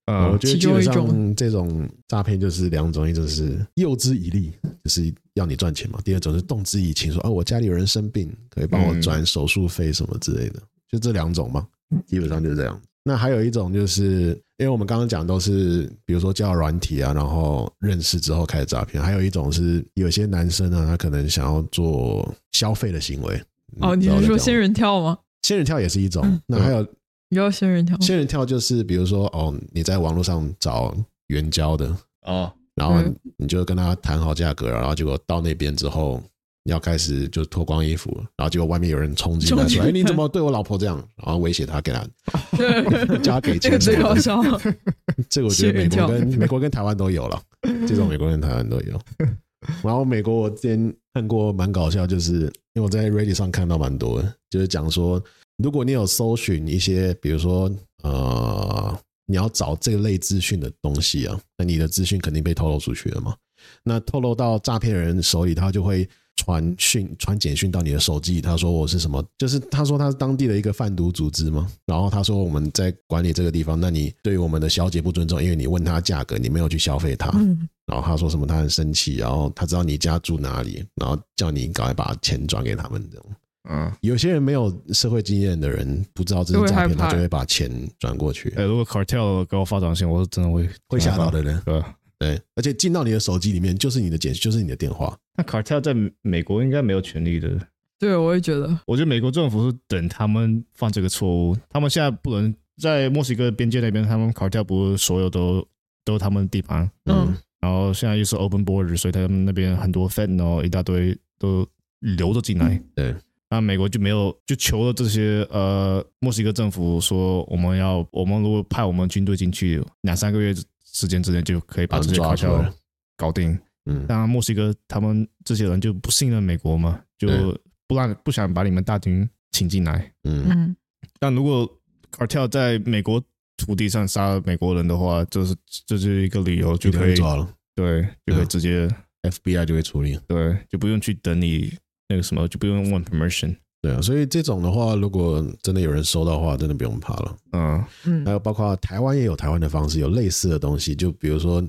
呃，我覺得基本上種這種詐騙就是兩種：一種是誘之以利，就是要你賺錢嘛；第二種是動之以情，說哦，我家裡有人生病，可以幫我轉手術費什麼之類的，嗯、就這兩種嘛。基本上就是這樣。那還有一種就是，因為我們剛剛講都是，比如說交友軟體啊，然後認識之後開始詐騙。還有一種是有些男生呢、啊，他可能想要做消費的行為。哦，你是說仙人跳嗎？仙人跳也是一種。嗯、那還有，你要仙人跳？仙人跳就是，比如說哦，你在網絡上找援交的哦，然後你就跟他談好價格，然後結果到那邊之後，你要開始就脫光衣服，然後結果外面有人衝進來說：“哎、欸，你怎麼對我老婆這樣？”然後威脅他，他，給 <laughs> <laughs> 他，叫他給錢。這個最搞笑， <laughs> 。這個我覺得美國跟美國跟台灣都有了，這種美國跟台灣都有。 <laughs> 然後美國我之前看過蠻搞笑，就是因為我在 Reddit 上看到蠻多，就是講說，如果你有搜尋一些，比如說呃，你要找這類資訊的東西啊，那你的資訊肯定被透露出去了嘛。那透露到詐騙人手裡，他就會。傳訊傳簡訊到你的手機，他說我是什麼？就是他說他是當地的一個販毒組織嘛。然後他說我們在管理這個地方，那你對我們的小姐不尊重，因為你問他價格，你沒有去消費他、嗯。然後他說什麼？他很生氣。然後他知道你家住哪裡，然後叫你趕快把錢轉給他們。這種。嗯。有些人沒有社會經驗的人，不知道這是詐騙，他就會把錢轉過去。哎、欸，如果 cartel 給我發短信，我是真的會會嚇到的人，對，而且進到你的手機裡面就是你的簡訊，就是你的電話。那 Cartel 在美國應該沒有權利的。對，我也覺得。我覺得美國政府是等他們犯這個錯誤。他們現在不能在墨西哥邊界那邊，他們 Cartel 不是所有都都他們的地盤嗯。嗯。然後現在又是 Open Border，所以他們那邊很多 Fed 一大堆都留著進來、嗯。對。那美國就沒有就求了這些呃墨西哥政府說我們要我們如果派我們軍隊進去兩三個月。時間之內就可以把這些 cartel 搞定。嗯，搞定，當然墨西哥他們這些人就不信任美國嘛，就不讓、嗯嗯、不想把你們大軍請進來。嗯，但如果 cartel 在美國土地上殺了美國人的話，這是這是一個理由就可以抓了。對，就可以直接、嗯、FBI 就會處理。對，就不用去等你那個什麼，就不用問 permission。對啊，所以這種的話，如果真的有人收到的話，真的不用怕了。嗯嗯，還有包括台灣也有台灣的方式，有類似的東西，就比如說，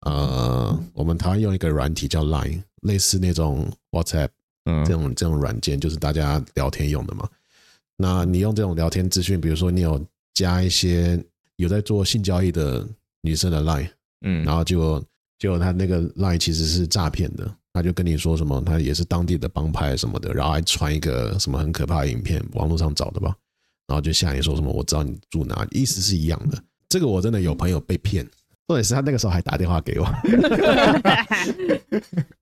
呃，uh -huh. 我們台灣用一個軟體叫 Line，類似那種 WhatsApp，嗯，這種、uh -huh. 這種軟件就是大家聊天用的嘛。那你用這種聊天資訊，比如說你有加一些有在做性交易的女生的 Line，嗯、uh -huh.，然後就就他那個 Line 其實是詐騙的。他就跟你說什麼，他也是當地的幫派什麼的，然後還傳一個什麼很可怕的影片，網絡上找的吧，然後就嚇你說什麼，我知道你住哪裡，意思是一樣的。這個我真的有朋友被騙，或者是他那個時候還打電話給我，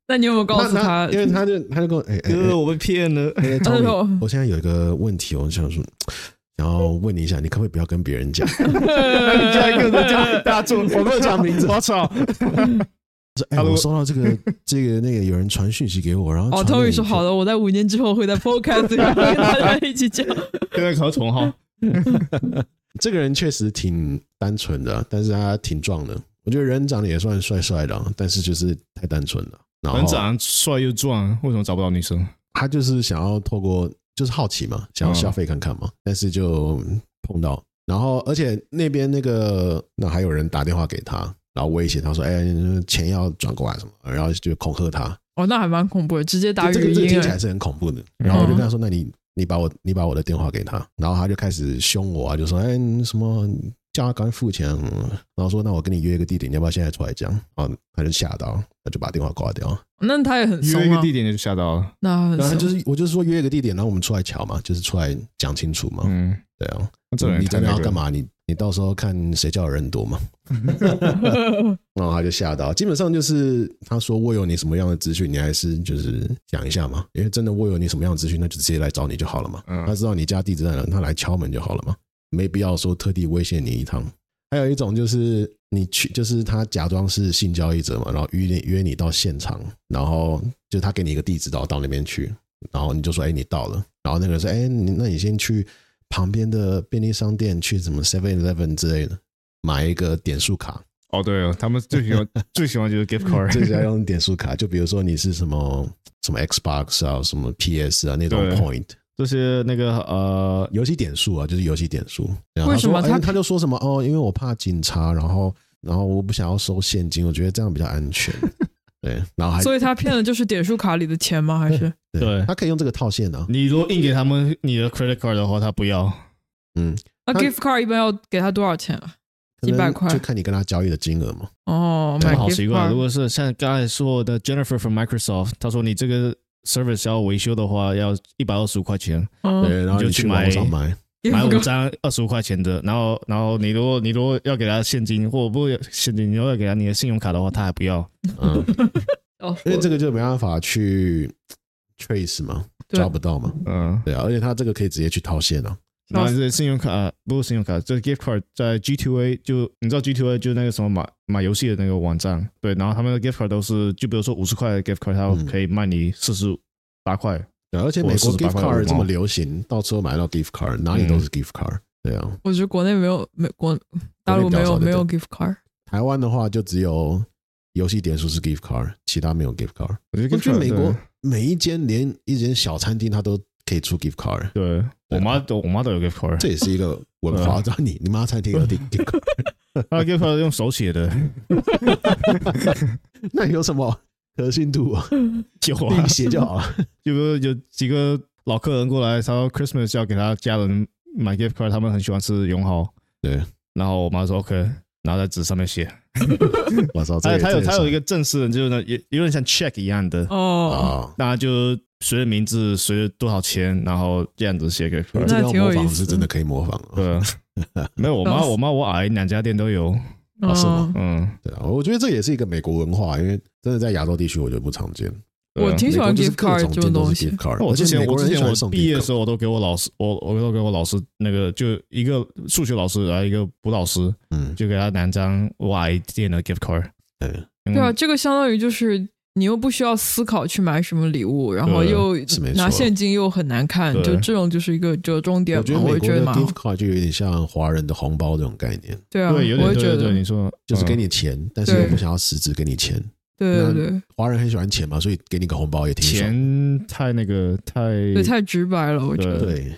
那 <laughs> <laughs> <laughs> 你有沒有告訴他，他？因為他就他就跟我、欸欸欸欸欸欸、ommy, 哎哎，我被騙了，哎，找你。我現在有一個問題，我想說，然後問你一下，你可不可以不要跟別人講？一跟人叫大住衆，不要講名字，我好操吵。好吵 <laughs> 哎，我收到這個、 <laughs> 這個、那個，有人傳訊息給我，然後哦 Tony 說：“好的，我在五年之後會在 podcast 跟大家一起講。 <laughs> 對”現在搞重哈， <laughs> 這個人確實挺單純的，但是他挺壯的。我覺得人長得也算帥帥的，但是就是太單純了。然後，人長得帥又壯，為什麼找不到女生？他就是想要透過，就是好奇嘛，想要消費看看嘛、哦，但是就碰到。然後，而且那邊那個，那還有人打電話給他。然後威脅他說：“哎，錢要轉過來什麼？”然後就恐嚇他。哦，那還蠻恐怖的，直接打語音、這個、這個聽起來是很恐怖的、嗯哦。然後我就跟他說：“那你，你把我，你把我的電話給他。”然後他就開始凶我啊，就說：“哎，你什麼？”叫他剛付錢、嗯，然後說：“那我跟你約一個地點，你要不要現在出來講？”好，他就嚇到，他就把電話掛掉。那他也很、啊、約一個地點就嚇到了。那他就是我就是說約一個地點，然後我們出來瞧嘛，就是出來講清楚嘛。嗯，對啊，啊你在那要幹嘛？你你到時候看誰叫的人多嘛。 <laughs> <laughs> <laughs> <laughs> 然後他就嚇到，基本上就是他說我有你什麼樣的資訊，你還是就是講一下嘛。因為真的我有你什麼樣的資訊，那就直接來找你就好了嘛。嗯、他知道你家地址在哪，他來敲門就好了嘛。沒必要說特地威脅你一趟。還有一種就是你去，就是他假裝是性交易者嘛，然後約你約你到現場，然後就他給你一個地址，然後到那邊去，然後你就說哎，你到了，然後那個人說哎，你那你先去旁邊的便利商店去什麼 Seven Eleven 之類的買一個點數卡。哦對哦對，他們最喜歡 <laughs> 最喜歡就是 Gift Card，最喜歡用點數卡。就比如說你是什麼什麼 Xbox 啊，什麼 PS 啊那種 Point。對對就是那個呃、遊戲點數啊，就是遊戲點數。為什麼他、欸、他，他就說什麼哦？因為我怕警察，然後然後我不想要收現金，我覺得這樣比較安全。 <laughs> 對，然後還所以，他騙的就是點數卡裡的錢嗎？嗯、還是對，對，他可以用這個套現啊。你如果硬給他們你的 credit card 的話，他不要。嗯，那 gift card 一般要給他多少錢啊？一百塊，就看你跟他交易的金額嘛。哦、oh，好奇怪。如果是像剛才說的 Jennifer from Microsoft，他說你這個。Service 要維修的話，要一百二十五塊錢。對，然後就去買，買五張二十五塊錢的，然後，然後你如果你如果要給他現金，或不現金，你如果要給他你的信用卡的話，他還不要，嗯，哦， <laughs> 因為這個就沒辦法去 trace 嘛，抓不到嘛，嗯，對啊，而且他這個可以直接去套現啊。那也是信用卡，啊、不是信用卡，這、就是 gift card，在 G2A 就你知道 G2A 就那個什麼買買遊戲的那個網站，對，然後他們的 gift card 都是，就比如說五十塊的 gift card，它可以賣你四十八塊，對、嗯，而且美國 gift card 這麼流行，到時候買到 gift card 哪裡都是 gift card，對啊，我覺得國內沒有，美國大陸沒有沒有 gift card，台灣的話就只有遊戲點數是 gift card，其他沒有 gift card。我覺得去美國每一間連一間小餐廳，它都可以出 gift card，對。我媽都我媽都有 gift card，、啊、這也是一個文化。張 <laughs> 你你媽餐廳有訂訂個，那 <laughs> gift card 用手寫的， <laughs> <laughs> 那有什麼可信度？ <laughs> 就筆、啊、寫 <laughs> 就好了。 <laughs> 就比如有幾個老客人過來，他說 Christmas 要給他家人買 gift card，他們很喜歡吃永好。對，然後我媽說 OK。然後在紙上面寫，我 <laughs> 有他，他有他有一個正式的，就是呢，有有點像 check 一樣的哦，那、oh. 就誰的名字，誰多少錢，然後這樣子寫給、oh. 嗯。這個要模仿是真的可以模仿， <laughs> 對，沒有我媽我媽我阿姨兩家店都有，哦、oh. 啊，是嗎？嗯，對啊，我覺得這也是一個美國文化，因為真的在亞洲地區我覺得不常見。啊、我挺喜歡 gift card, gift card 這種東西。我之前我之前我畢業的時候，我都給我老師，我我都給我老師那個，就一個數學老師，然、啊、後一個補老師，嗯，就給他拿張 Y g 的 gift card、嗯嗯。對啊，這個相當於就是你又不需要思考去買什麼禮物，然後又拿現金又很難看，就這種就是一個折中點。我覺得美國的 gift card 我覺得嘛，就有點像華人的紅包這種概念。對啊，對對對對我也覺得對你說，就是給你錢，嗯、但是又不想要實質給你錢。對對對，華人很喜歡錢嘛，所以給你個紅包也挺好。錢太那個太，對，太直白了，我覺得。對，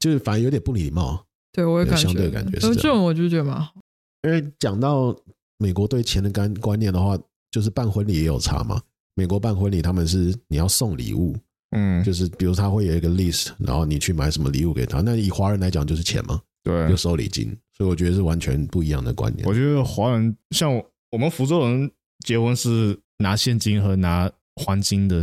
就是反而有點不禮貌。對我有相對感覺，有對感覺是這，這種我就覺得蠻好。因為講到美國對錢的觀觀念的話，就是辦婚禮也有差嘛。美國辦婚禮他們是你要送禮物，嗯，就是比如他會有一個 list，然後你去買什麼禮物給他。那以華人來講就是錢嘛，對，有收禮金，所以我覺得是完全不一樣的觀念。我覺得華人像我們福州人。結婚是拿現金和拿黃金的，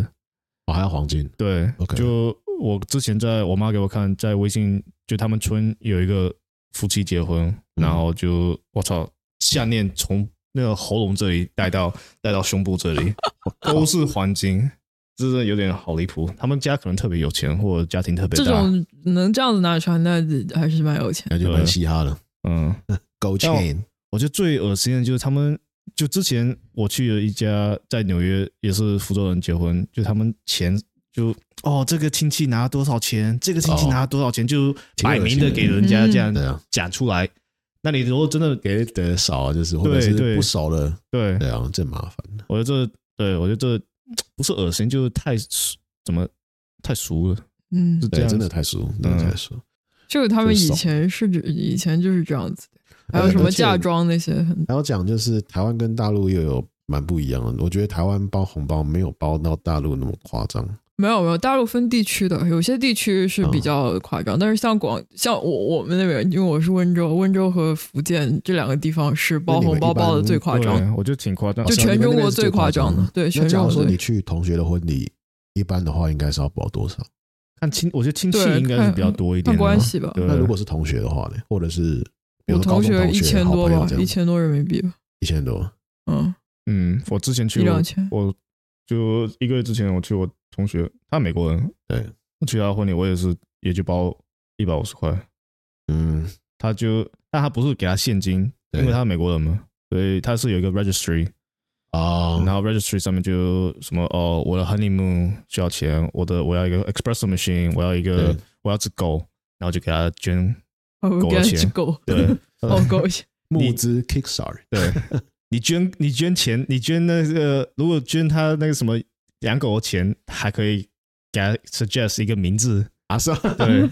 我、哦、還要黃金。對、okay. 就我之前在我媽給我看，在微信就他們村有一個夫妻結婚，嗯、然後就我操，項鏈從那個喉嚨這裡帶到帶、嗯、到胸部這裡，都是黃金， <laughs> 真的有點好離譜。他們家可能特別有錢，或者家庭特別大。這種能這樣子拿穿那還是蠻有錢的，那就蠻嘻哈了。嗯 gold chain，我覺得最噁心的就是他們。就之前我去了一家在紐約，也是福州人結婚，就他們錢就，就哦，這個親戚拿多少錢，這個親戚拿多少錢，哦、就擺明的給人家這樣講出、嗯嗯、出來。那你如果真的給的少，就是或者是不少了，對對、對、對啊，這麻煩我覺得這對，我覺得這不是惡心，就是太怎麼太熟了，嗯這，對，真的太熟，嗯、太熟。就他們以前是以前就是這樣子。還有什麼嫁妝那些？還要講，就是台灣跟大陸又有蠻不一樣的。我覺得台灣包紅包沒有包到大陸那麼誇張。沒有沒有，大陸分地區的，有些地區是比較誇張、啊，但是像廣像我我們那邊，因為我是溫州，溫州和福建這兩個地方是包紅包包的最誇張，我覺得挺誇張，就全中國最誇張的。對，全中國。假如你去同學的婚禮，一般的話應該是要包多少？看親，我覺得親戚應該是比較多一點關係吧。那如果是同學的話呢，或者是？同我同學一千多吧，一千多人民幣吧，一千多。嗯嗯，我之前去我一兩千，我就一個月之前我去我同學，他是美國人，對，我去他的婚禮，我也是也就包一百五十塊。嗯，他就但他不是給他現金，因為他是美國人嘛，所以他是有一個 registry 啊、哦，然後 registry 上面就什麼哦，我的 honeymoon 需要錢，我的我要一個 espresso machine，我要一個我要隻狗，然後就給他捐。狗錢，對，養狗錢。募資 Kickstarter，對，你捐，你捐錢，你捐那個，如果捐他那個什麼養狗的錢，還可以給他 suggest 一個名字，阿 Sir 對，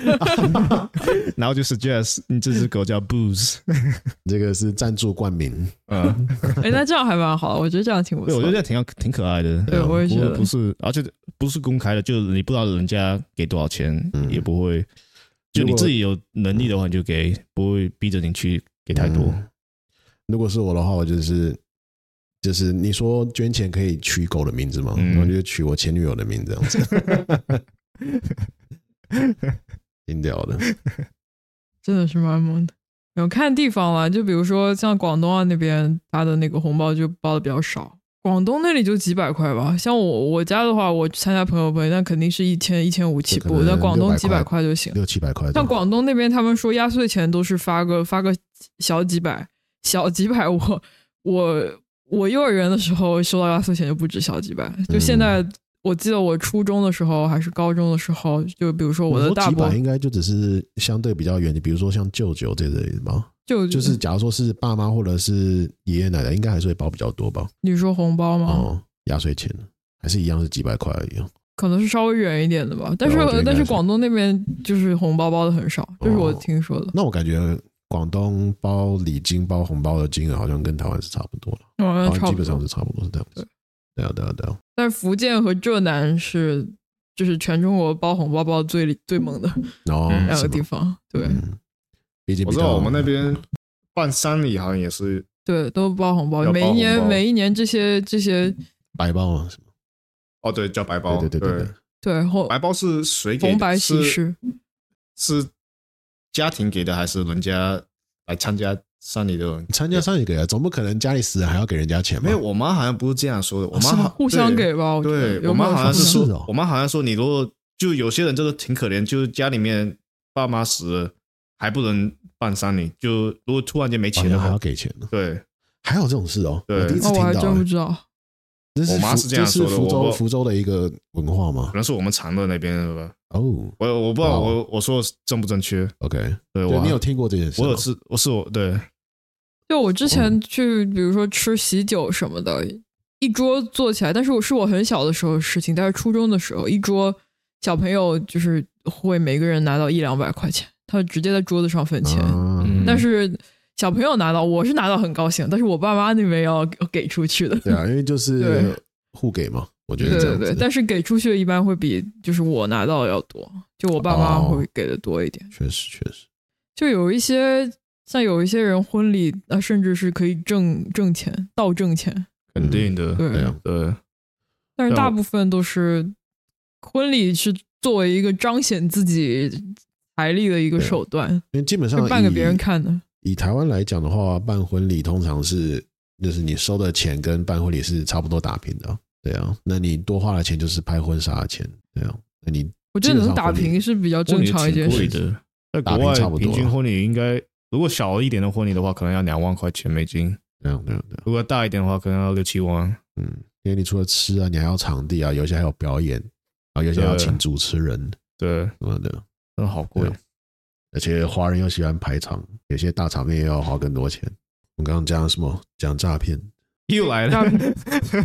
然後就 suggest 你這隻狗叫 Booze， <laughs> 這個是贊助冠名、uh, 欸，啊，哎，那這樣還蠻好，我覺得這樣挺不錯，我覺得這樣挺挺可愛的，對，我也覺得，不是，而且不是公開的，就你不知道人家給多少錢，嗯、也不會。就你自己有能力的話，你就給，嗯、不會逼着你去給太多。如果是我的話，我就是就是你說捐錢可以取狗的名字嗎？我、嗯、就取我前女友的名字，這樣子，挺屌的。 <laughs> 真的是蠻萌的，有看地方啦。就比如說像廣東啊那邊發的那個紅包就包得比較少。廣東那裡就幾百塊吧，像我，我家的話，我去參加朋友朋友，那肯定是一千一千五起步，在廣東幾百塊，幾百塊就行，六七百塊。像廣東那邊，他們說壓歲錢都是發個發個小幾百，小幾百我。我我我幼兒園的時候收到壓歲錢就不止小幾百，就現在，嗯。我記得我初中的時候還是高中的時候，就比如說我的大伯應該就只是相對比較遠，你比如說像舅舅這類的吧，就是假如說是爸媽或者是爺爺奶奶，應該還是會包比較多吧？你說紅包嗎？哦，壓歲錢還是一樣是幾百塊而已，可能是稍微遠一點的吧。但是，是但是廣東那邊就是紅包包的很少，這，就是我聽說的、哦。那我感覺廣東包禮金包紅包的金額好像跟台灣是差不多了，好、哦、像台灣基本上是差不多是這樣子。對啊對啊對，但福建和浙南是，就是全中國包紅包包最最猛的兩個、哦嗯、地方。對、嗯，我知道我們那邊辦喪禮好像也是，對，都包紅包，包紅包每一年每一年這些這些白包啊什麼，哦對，叫白包，對對對對、對、對，然後。白包是誰給？是紅白喜事。是家庭給的還是人家來參加？三年的，你參加三年給啊，總不可能家裡死人還要給人家錢吧？沒有，我媽好像不是這樣說的。我媽互相給吧，對我媽好像是說、哦，我媽好像說，你如果就有些人這個挺可憐，就是家裡面爸媽死了還不能辦三年，就如果突然間沒錢了還要給錢。對，還有這種事哦、喔，對。我第一次聽到。我還真不知道。我媽是這樣說的，福州福州的一個文化嘛，可能是我們長樂那邊的。哦、oh,，我我不知道，oh. 我我說的正不正確？OK，對我對你有聽過這件事？我有吃，我是我對，就我之前去，比如說吃喜酒什麼的，oh. 一桌坐起來，但是我是我很小的時候的事情，但是初中的時候，一桌小朋友就是會每個人拿到一兩百塊錢，他直接在桌子上分錢，um, 但是小朋友拿到我是拿到很高興，但是我爸媽那邊要給出去的，對啊，因為就是互給嘛。我覺得這個對對對，但是給出去的一般會比就是我拿到的要多，就我爸媽會給的多一點。哦、確實確實，就有一些像有一些人婚禮啊，甚至是可以掙掙錢倒掙錢，肯定的。對對、啊，但是大部分都是婚禮是作為一個彰顯自己財力的一個手段，啊、因為基本上辦給別人看的。以台灣來講的話，辦婚禮通常是就是你收的錢跟辦婚禮是差不多打平的、哦。對啊，那你多花的錢就是拍婚紗的錢。對啊，那你我覺得能打平是比較正常一件事情。差不多。在國外，平均婚禮應該如果小一點的婚禮的話，可能要兩萬塊錢美金。對啊，對啊，對啊，對啊，如果大一點的話，可能要六七萬。嗯，因為你除了吃啊，你還要場地啊，有些還有表演，啊，有些要請主持人，對什麼的，那好貴啊。而且華人又喜歡排場，有些大場面又要花更多錢。我剛剛講什麼？講詐騙。又來了。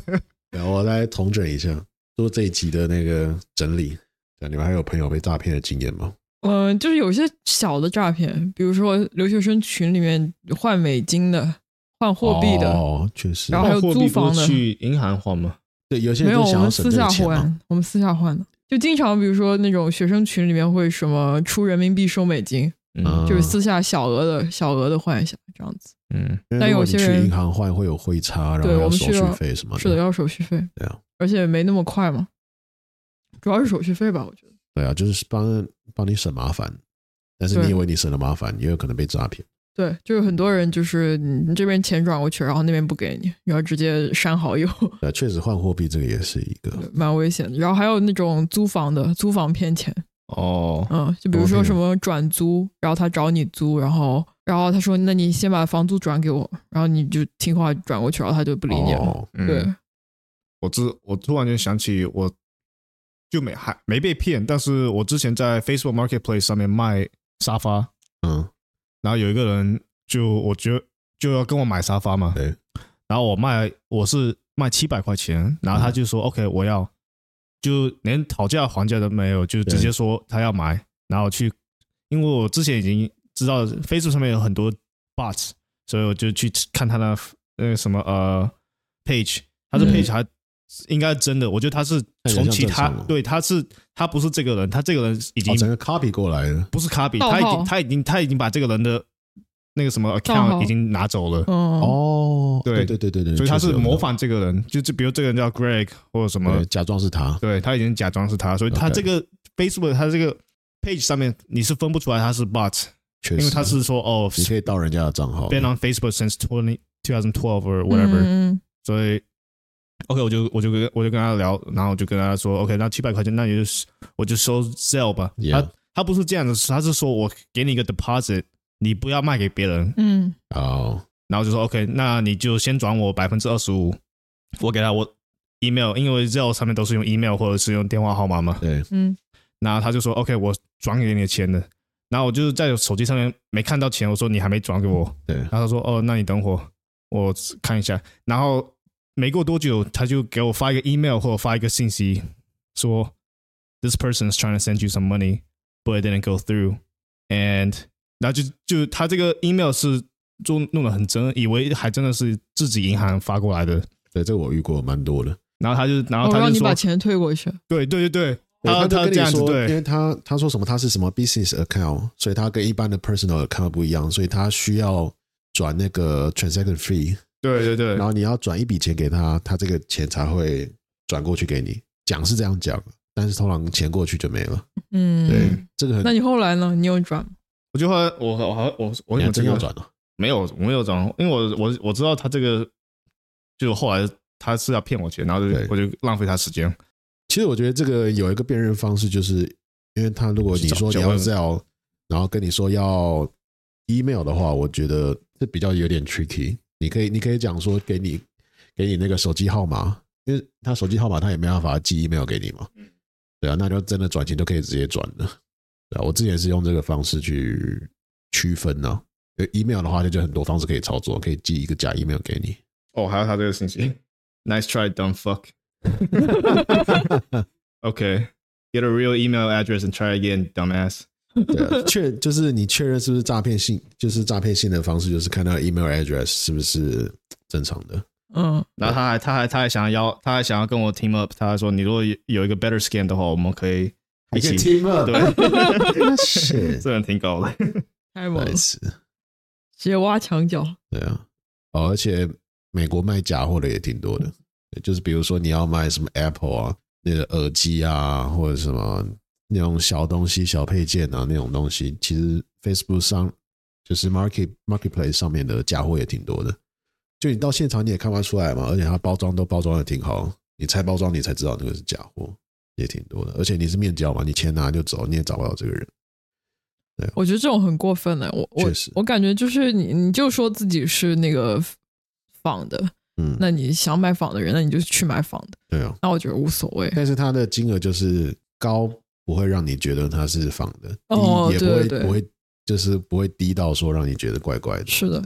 <laughs> <laughs> 然後我來統整一下做這一集的那個整理。對，你們還有朋友被詐騙的經驗嗎？嗯、呃，就是有些小的詐騙，比如說留學生群裡面換美金的、換貨幣的，哦，確實。然後還有租房的。貨幣去銀行換嗎？對，有些人都想要、啊、沒有，我們私下換，我們私下換的。就經常比如說那種學生群裡面會什麼出人民幣收美金，嗯，就是私下小額的小額的換一下這樣子。嗯，但有些人去銀行換會有匯差，有，然後手續費什麼我，是的，要手續費。對啊，而且沒那麼快嘛，主要是手續費吧，我覺得。對啊，就是幫幫你省麻煩，但是你以為你省了麻煩，也有可能被詐騙。對，就是很多人就是你這邊錢轉過去，然後那邊不給你，然後直接刪好友。對，確實換貨幣這個也是一個蠻危險的。然後還有那種租房的，租房騙錢。哦，嗯，就比如說什麼轉租、嗯，然後他找你租，然後，然後他說，那你先把房租轉給我，然後你就聽話轉過去，然後他就不理你了、哦嗯。對，我之我突然間想起，我就沒還沒被騙，但是我之前在 Facebook Marketplace 上面賣沙發，嗯，然後有一個人就我覺得就要跟我買沙發嘛，對、嗯，然後我賣我是賣七百塊錢，然後他就說、嗯、OK 我要。就連討價還價都沒有，就直接說他要買，然後去，因為我之前已經知道，Facebook 上面有很多 bots，所以我就去看他的那個什麼呃 page，他的 page，他應該真的、嗯，我覺得他是從其他，他，對，他是他不是這個人，他這個人已經整個 copy 過來了，不是 copy，、哦、好好他已經他已經他已經把這個人的。那個什麼 account 已經拿走了哦，對對對對對,對，所以他是模仿這個人，就就比如這個人叫 Greg 或者什麼，假裝是他，對他已經假裝是他，所以他這個 Facebook 他這個 page 上面你是分不出來他是 bot 因為他是說哦，你可以盜人家的賬號 been on Facebook since twenty two thousand twelve or whatever，、嗯、所以 OK 我就我就跟我就跟他聊，然後我就跟他說 OK 那七百塊錢那你就我就收 sell 吧，yeah. 他他不是這樣子，他是說我給你一個 deposit。你不要賣給別人，嗯，哦，然後就說 OK，那你就先轉我百分之二十五，我給他我 email，因為 Zelle 上面都是用 email 或者是用電話號碼嘛，對，嗯，然後他就說 OK，我轉給你的錢了，然後我就在手機上面沒看到錢，我說你還沒轉給我，對，然後他說哦，那你等會我，我看一下，然後沒過多久他就給我發一個 email 或者發一個信息說，This person is trying to send you some money but it didn't go through and 然後就就他這個 email 是做弄得很真，以為還真的是自己銀行發過來的。對，這個我遇過蠻多的。然後他就，然後他就說：“哦，你把錢退過去。”對，對對對對，他，他跟你說，對。因為他他說什麼，他是什麼 business account，所以他跟一般的 personal account 不一樣，所以他需要轉那個 transaction fee。對對對。然後你要轉一筆錢給他，他這個錢才會轉過去給你。講是這樣講，但是通常錢過去就沒了。嗯，對，這個。那你後來呢？你有轉？我就後來，我我我我怎真要轉了？沒有，我沒有轉，因為我我我知道他這個，就後來他是要騙我錢，然後我就，我就浪費他時間。其實我覺得這個有一個辨認方式，就是因為他如果你說你要在，然後跟你說要 email 的話，我覺得這比較有點 tricky。你可以你可以講說給你給你那個手機號碼，因為他手機號碼他也沒辦法寄 email 給你嘛。對啊，那就真的轉錢就可以直接轉的。我之前是用這個方式去區分呢、啊。email 的話，就很多方式可以操作，可以寄一個假 email 給你。哦，還有他這個信息。Nice try, dumb fuck。哈哈哈哈 Okay, get a real email address and try again, dumbass、啊。確，就是你確認是不是詐騙信，就是詐騙信的方式，就是看到 email address 是不是正常的。嗯、uh,，然後他還，他還，他還想要，他還想要跟我 team up，他還說，你如果有一個 better scam 的話，我們可以。一起 team up，對，這 <laughs> 人挺高的，太猛！直接挖牆角。對啊，哦，而且美國賣假貨的也挺多的，就是比如說你要買什麼 Apple 啊，那個耳機啊，或者什麼那種小東西、小配件啊，那種東西，其實 Facebook 上就是 Market Marketplace 上面的假貨也挺多的，就你到現場你也看不出來嘛，而且它包裝都包裝的挺好，你拆包裝你才知道那個是假貨。也挺多的，而且你是面交嘛，你錢拿就走，你也找不到這個人。對、哦，我覺得這種很過分呢、欸，我我我感覺就是你你就說自己是那個仿的，嗯，那你想買仿的人，那你就去買仿的。對啊、哦，那我覺得無所謂。但是他的金額就是高，不會讓你覺得他是仿的，哦哦，低也不會，對對對，不會就是不會低到說讓你覺得怪怪的。是的，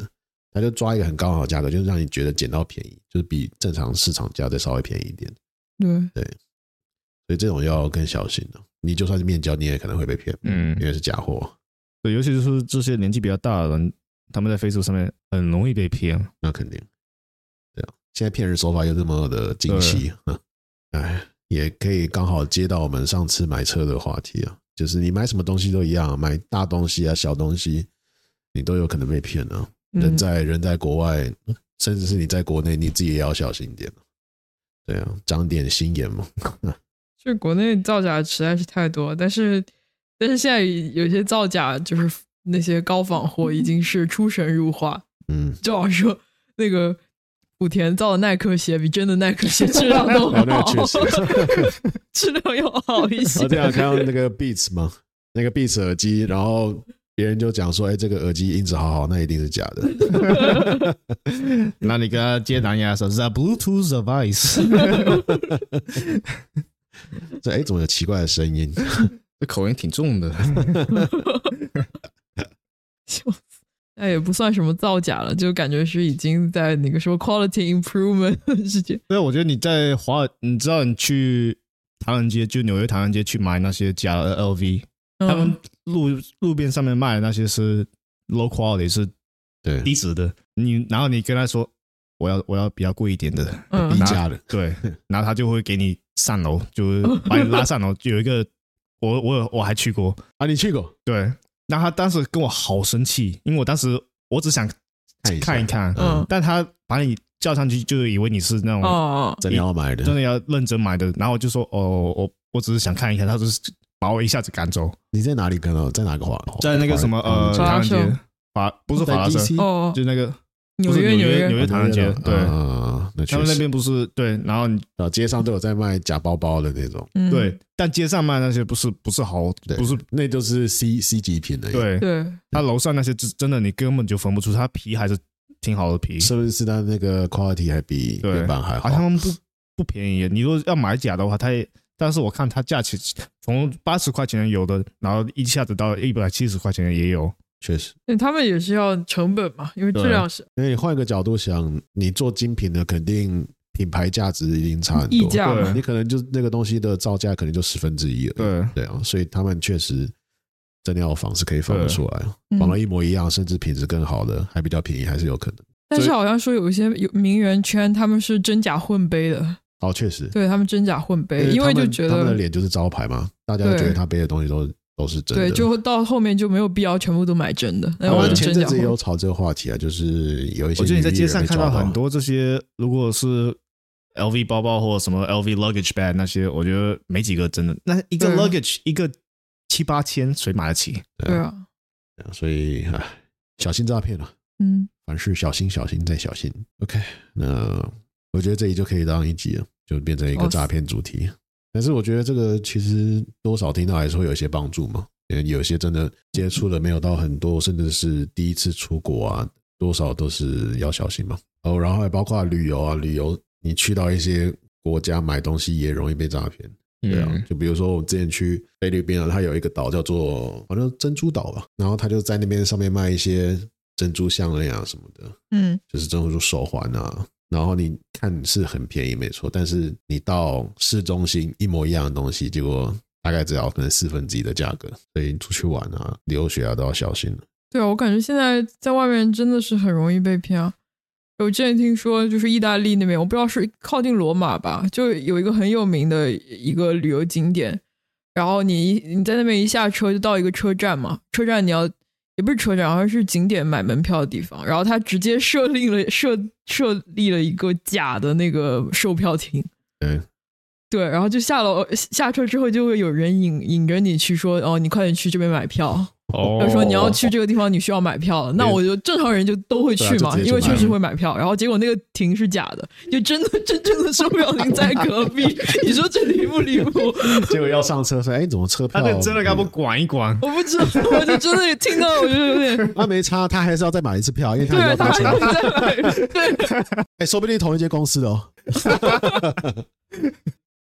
他就抓一個很高好的價格，就是讓你覺得撿到便宜，就是比正常市場價再稍微便宜一點。對對。所以這種要更小心的，你就算是面交，你也可能會被騙，嗯，因為是假貨。對，尤其是這些年紀比較大的人，他們在 Facebook 上面很容易被騙。那肯定，對啊。現在騙人手法又這麼的精細，嗯，哎，也可以剛好接到我們上次買車的話題啊，就是你買什麼東西都一樣啊，買大東西啊、小東西，你都有可能被騙的。人在人在國外，甚至是你在國內，你自己也要小心一點。對啊，長點心眼嘛。 <laughs> 就國內造假實在是太多，但是，但是現在有些造假就是那些高仿貨已經是出神入化，嗯，就好像說那個莆田造的耐克鞋比真的耐克鞋質量都好，質、哦、量、那個、又好一些。這、哦、樣、啊、看到那個 Beats 嗎？那個 Beats 耳機，然後別人就講說：“哎，這個耳機音質好好，那一定是假的。嗯”那你跟他接藍牙說、嗯、：“The Bluetooth device。 <laughs> ”這、欸、哎，怎麼有奇怪的聲音？ <laughs> 這口音挺重的， <laughs> <laughs> 笑、欸、死！那也不算什麼造假了，就感覺是已經在那個什麼 quality improvement 世界。對，我覺得你在華，你知道你去唐人街，就紐約唐人街去買那些假的 LV、嗯、他們路路邊上面賣的那些是 low quality，是低質的。你然後你跟他說我要我要比較貴一點的，低、嗯、價的，對，然後他就會給你。上樓就是，把你拉上樓，就有一個我我我，我還去過啊。你去過？對，然後他當時跟我好生氣，因為我當時我只想看一看，看一下嗯、但他把你叫上去，就以為你是那種真的要買的，真的要認真買的，然後就說哦、呃，我我只是想看一看，他就是把我一下子趕走。你在哪裡跟了？在哪個房？在那個什麼呃房間、嗯？法不是法拉盛，就那個。哦紐約，紐約，紐約唐人街，對，他、啊、們那邊不是對，然後呃、啊，街上都有在賣假包包的那種，嗯、對，但街上賣那些不是不是好，對不是對那都是 C C 級品的，對對，嗯、他樓上那些真真的你根本就分不出，他皮還是挺好的皮，是不是，是？他那個 quality 還比原版還好，好像、啊、不不便宜，你如果要買假的話，他也，但是我看他價錢從八十塊錢有的，然後一下子到一百七十塊錢的也有。確實，他們也是要成本嘛，因為質量是。那、啊、你換一個角度想，你做精品的，肯定品牌價值已經差很多。溢價對、啊，你可能就那個東西的造價，可能就十分之一了。對對啊，所以他們確實真的要仿是可以仿得出來，仿、嗯、的一模一樣，甚至品質更好的還比較便宜，還是有可能。但是好像說有一些有名媛圈，他們是真假混背的。哦，確實，對他們真假混背，因為就覺得他們，他們的臉就是招牌嘛，大家都覺得他背的東西都。都是真的，對，就到後面就沒有必要全部都買真的。嗯、我們前陣子也有炒這個話題啊，就是有一些，我覺得你在街上看到很多這些，如果是 LV 包包或者什麼 LV luggage bag 那些，我覺得沒幾個真的、啊。那一個 luggage 一個七八千，誰買得起對、啊對啊？對啊，所以啊，小心詐騙啊。嗯，凡事小心，小心再小心。OK，那我覺得這裡就可以當一集了，就變成一個詐騙主題。哦但是我覺得這個其實多少聽到還是會有一些幫助嘛，嗯，有些真的接觸的沒有到很多，甚至是第一次出國啊，多少都是要小心嘛。哦，然後還包括旅遊啊，旅遊你去到一些國家買東西也容易被詐騙，對啊。嗯，就比如說我們之前去菲律賓啊，它有一個島叫做好像珍珠島吧，然後他就在那邊上面賣一些珍珠項鏈啊什麼的，嗯，就是珍珠手環啊。然後你看是很便宜，沒錯，但是你到市中心一模一樣的東西，結果大概只要可能四分之一的價格，所以出去玩啊、留學啊都要小心啊。對啊，我感覺現在在外面真的是很容易被騙啊！我之前聽說就是意大利那邊，我不知道是靠近羅馬吧，就有一個很有名的一個旅遊景點，然後你你在那邊一下車就到一個車站嘛，車站你要。也不是車站，而是景點買門票的地方。然後他直接設立了設設立了一個假的那個售票亭。嗯，對，然後就下樓下車之後，就會有人引引着你去說：“哦，你快點去這邊買票。”他、哦、說：“你要去這個地方，你需要買票。那我就正常人就都會去嘛，啊去，因為確實會買票。然後結果那個亭是假的，就真的就真正的售票亭在隔壁。 <laughs> 你說這離不離譜？結果要上車說：‘哎，怎麼車票？’他就真的該不管一管，嗯。我不知道，我就真的也聽到了我有點……那沒差，他還是要再買一次票，因為他還要搭車。對，啊，哎、啊，說不定同一間公司的哦。 <laughs>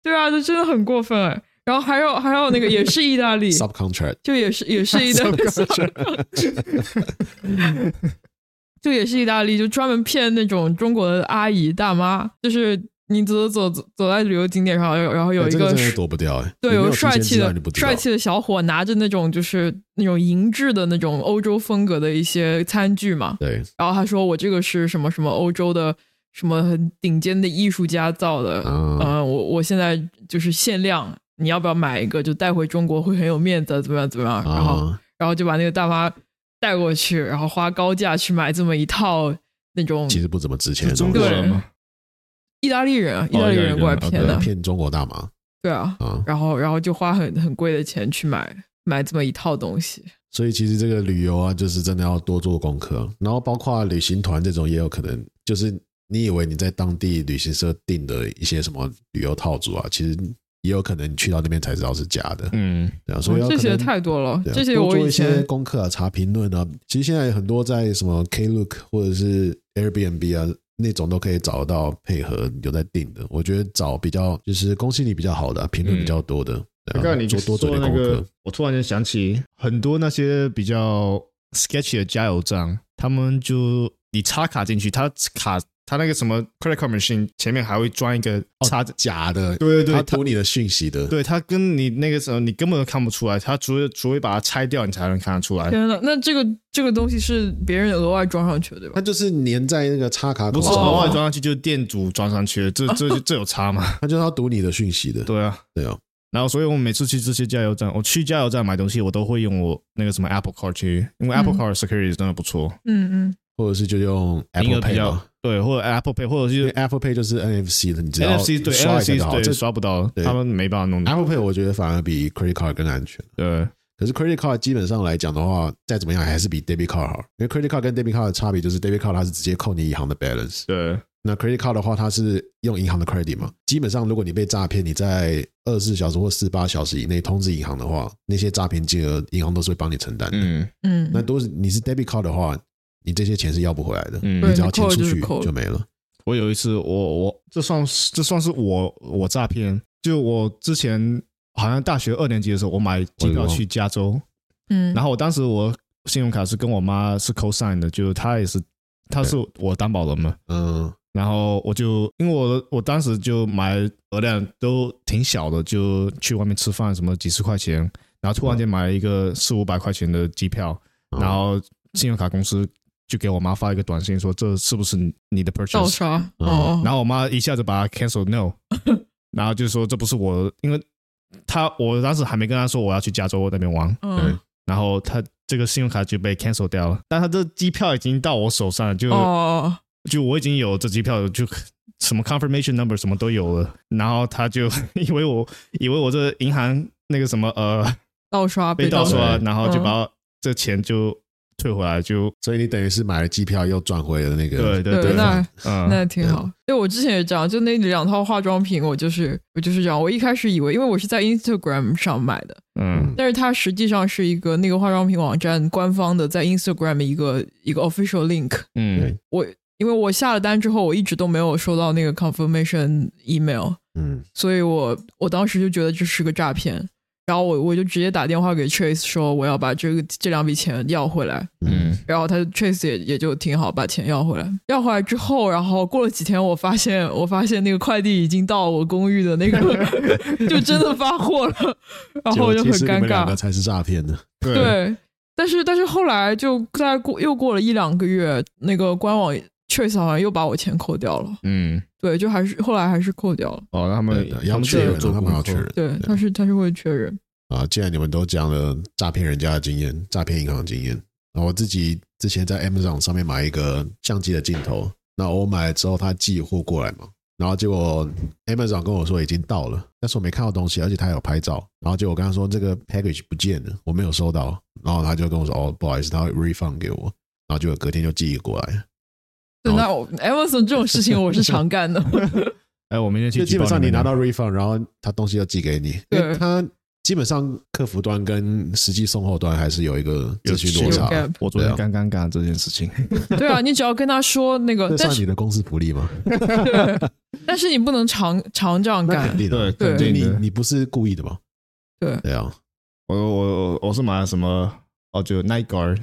對啊，這真的很過分，欸。然後還有還有那個也是意大利，就也是也是意大利，就也是意大利，就專門騙那種中國的阿姨大媽，就是你走，走走走在旅遊景點上，然後有一個，對，有帥氣的帥氣的小伙拿着那種就是那種銀質的那種歐洲風格的一些餐具嘛，對，然後他說，我這個是什麼什麼歐洲的什麼很頂尖的藝術家造的，嗯，我我現在就是限量。你要不要買一個？就帶回中國會很有面子，怎麼樣？怎麼樣、啊？然後，然後就把那個大媽帶過去，然後花高價去買這麼一套那種，其實不怎麼值錢的東西。中國人嘛，意大利人、啊哦，意大利人過來騙的、啊啊，騙中國大媽。對啊，啊，然後，然後就花很很貴的錢去買買這麼一套東西。所以，其實這個旅遊啊，就是真的要多做功課。然後，包括旅行團這種，也有可能就是你以為你在當地旅行社訂的一些什麼旅遊套組啊，其實。也有可能你去到那邊才知道是假的，嗯，然後說要可這些太多了，啊、這些我做一些功課啊，查評論啊。其實現在很多在什麼 Klook 或者是 Airbnb 啊那種都可以找到配合有在訂的。我覺得找比較就是公信力比較好的、啊，評論比較多的，讓、嗯啊、你做多做點功課說、那個。我突然間想起很多那些比較 sketchy 的加油站，他們就你插卡進去，他卡。他那個什麼 credit card machine 前面還會裝一個插、哦、假的，對對對，他讀你的訊息的，對，他跟你那個什麼你根本都看不出來，他除非除非把它拆掉，你才能看得出來。天哪、啊，那這個這個東西是別人額外裝上去的，對吧？他就是粘在那個插卡，不是額外裝上去，就是店主裝上去這這、哦、這有差嗎？它就是他讀你的訊息的，對啊，對啊、哦。然後，所以我每次去這些加油站，我去加油站買東西，我都會用我那個什麼 Apple Card 去，因為 Apple Card security、嗯、真的不錯。嗯嗯。或者是就用 Apple Pay 對，或者 Apple Pay，或者是 Apple Pay 就是 NFC 的，你知道嗎？NFC 對，NFC 對，這對刷不到對，他們沒辦法弄。Apple Pay 我覺得反而比 Credit Card 更安全。對，可是 Credit Card 基本上來講的話，再怎麼樣還是比 Debit Card 好，因為 Credit Card 跟 Debit Card 的差別、就是、就是 Debit Card 它是直接扣你銀行的 balance。對，那 Credit Card 的話，它是用銀行的 credit 嘛。基本上如果你被詐騙，你在二十四小時或四十八小時以內通知銀行的話，那些詐騙金額銀行都是會幫你承擔的。嗯嗯，那都是你是 Debit Card 的話。你這些錢是要不回來的，你只要錢出去就沒了。我有一次，我我這算是這算是我我詐騙。就我之前好像大學二年級的時候，我買機票去加州，嗯，然後我當時我信用卡是跟我媽是 cosign 的，就是她也是她是我擔保人嘛，嗯，然後我就因為我我當時就買額量都挺小的，就去外面吃飯什麼幾十塊錢，然後突然間買了一個四五百塊錢的機票，然後信用卡公司，就給我媽發一個短信，說：“這是不是你的 purchase 盜刷，哦？”然後我媽一下子把它 cancel no， <laughs> 然後就說：“這不是我，因為他我當時還沒跟他說我要去加州那邊玩。”嗯，然後他這個信用卡就被 cancel 掉了，但他這機票已經到我手上了，就、哦、就我已經有這機票，就什麼 confirmation number 什麼都有了，然後他就 <laughs> 以為我以為我這銀行那個什麼呃盜刷被盜刷，然後就把我這錢就。退回來就，所以你等於是買了機票又轉回了那個。對對對，對那、嗯、那挺好。因、嗯、為我之前也這樣，就那兩套化妝品我、就是，我就是我就是這樣。我一開始以為，因為我是在 Instagram 上買的，嗯，但是它實際上是一個那個化妝品網站官方的在 Instagram 一個一個 official link，嗯，我因為我下了單之後，我一直都沒有收到那個 confirmation email，嗯，所以我我當時就覺得這是個詐騙。然後我我就直接打電話給 Chase 說我要把這個這兩筆錢要回來，嗯，然後他 Chase 也也就挺好，把錢要回來，要回來之後，然後過了幾天我發現我發現那個快遞已經到我公寓的那個 <laughs> <laughs> 就真的發貨了， <laughs> 然後我就很尷尬，那才是詐騙的，對，對但是但是後來就再過又過了一兩個月，那個官網。確實好像又把我錢扣掉了。嗯，對，就還是後來還是扣掉了。哦，他們他們確認他們要確認，對，他，對對他是他是會確認。啊，既然你們都講了詐騙人家的經驗，詐騙銀行的經驗，那我自己之前在 Amazon 上面買一個相機的鏡頭，那我買了之後他寄貨過來嘛，然後結果 Amazon 跟我說已經到了，但是我沒看到東西，而且他有拍照，然後結果我剛剛說這個 package 不見了，我沒有收到，然後他就跟我說哦，不好意思，他會 refund 給我，然後就隔天就寄過來。那我 Amazon 這種事情我是常幹的 <laughs> 。哎、 <laughs> 欸，我明天去。基本上你拿到 refund，然後他東西要寄給你。對。他基本上客服端跟實際送貨端還是有一個諮詢落差、就是。我昨天剛剛幹、啊、這件事情。對啊， <laughs> 你只要跟他說那個。這算你的公司福利嗎但？ <laughs> <laughs> 但是你不能常常這樣幹。對對，你你不是故意的吧？對對啊，我我我是買了什麼？哦，就 Night Guard。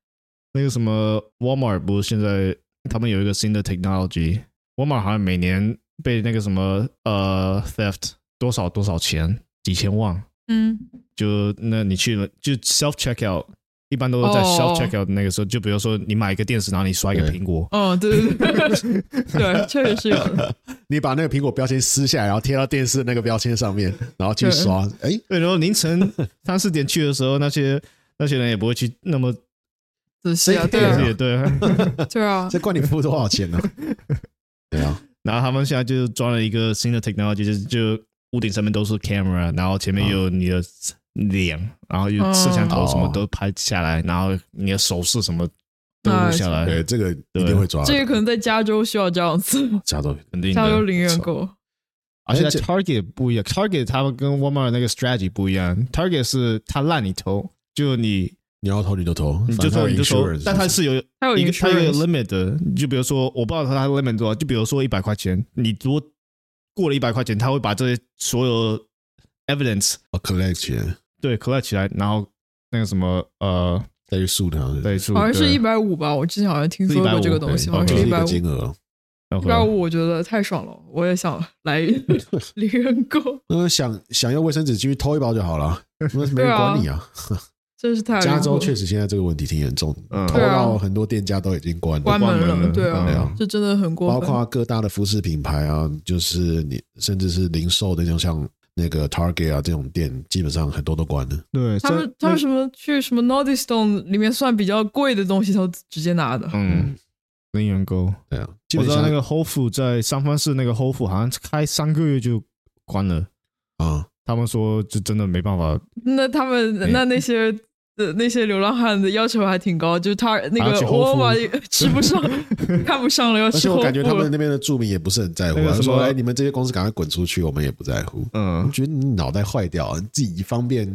那個什麼沃爾瑪不是現在他們有一個新的 technology，沃爾瑪好像每年被那個什麼呃、uh, theft 多少多少錢幾千萬，嗯，就那你去了就 self check out，一般都是在 self check out 的那個時候、哦，就比如說你買一個電視，然後你刷一個蘋果，嗯、 <laughs> 哦，對對對， <laughs> 對，確實是有你把那個蘋果標籤撕下來，然後貼到電視那個標籤上面，然後去刷，哎，對，然、欸、後凌晨三四點去的時候，那些那些人也不會去那麼。是啊，對對對，對啊，對啊對啊對啊對啊 <laughs> 這怪你付多少錢呢、啊？對啊，然後他們現在就裝了一個新的 technology，就是就屋頂上面都是 camera，然後前面有你的臉，然後又攝像頭什麼都拍下來，哦、然後你的手勢什麼都錄下來、哦哦。對，這個一定會抓，這個可能在加州需要這樣子。加州肯定。加州零元購，而且 target 不一樣，target 他們跟 w a 沃爾瑪那個 strategy 不一樣。target 是他讓你偷，就你。你要偷你就偷，你就偷你就偷，但它是有它有一個它有一個 limit 的，就比如說我不知道它 limit 多少，就比如說一百塊錢，你如果過了一百塊錢，它會把這些所有 evidence、oh, collection 對 collect 起來，然後那個什麼呃再去訴他，再去好像是一百五吧，我之前好像聽說過這個東西，150, 好像是 150, 就是一個金額，一百五我覺得太爽了，我也想來零元購。嗯 <laughs> <laughs> <laughs> 想想要衛生紙，進去偷一包就好了，為什麼沒人管你啊？ <laughs> 這是太加州確實現在這個問題挺嚴重的，嗯。到很多店家都已經關了，關門了，門了對啊、嗯嗯，這真的很過分。包括各大的服飾品牌啊，就是你甚至是零售那種像那個 Target 啊這種店，基本上很多都關了。對他們，他們什麼去什麼 Nordstrom 裡面算比較貴的東西，都直接拿的。嗯，零元購，對啊。基本上那個 Whole Foods 在三藩市那個 Whole Foods 好像開三個月就關了啊、嗯。他們說就真的沒辦法。那他們、哎、那那些那些流浪漢的要求還挺高，就是他那個他我我吃不上，看不上了， <laughs> 要吃。而且我感覺他們那邊的住民也不是很在乎，他說哎，你們這些公司趕快滾出去，我們也不在乎。嗯，我覺得你腦袋壞掉，你自己方便，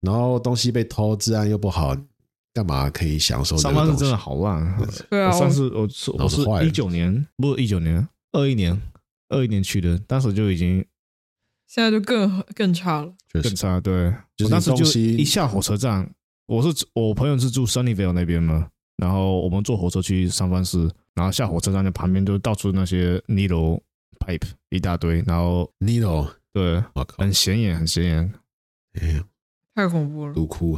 然後東西被偷，治安又不好，幹嘛可以享受？雙方是真的好爛。對啊，上次我，我是19我是一九年，不是一九年，二一年，二一年去的，當時就已經。現在就更更差了，就是，更差。對，就是，我當時就一下火車站，我是我朋友是住 Sunnyvale 那邊嘛，然後我們坐火車去三藩市，然後下火車站的旁邊就到處那些 needle pipe 一大堆，然後 needle 對，很顯眼，很顯眼，哎，太恐怖了，毒窟。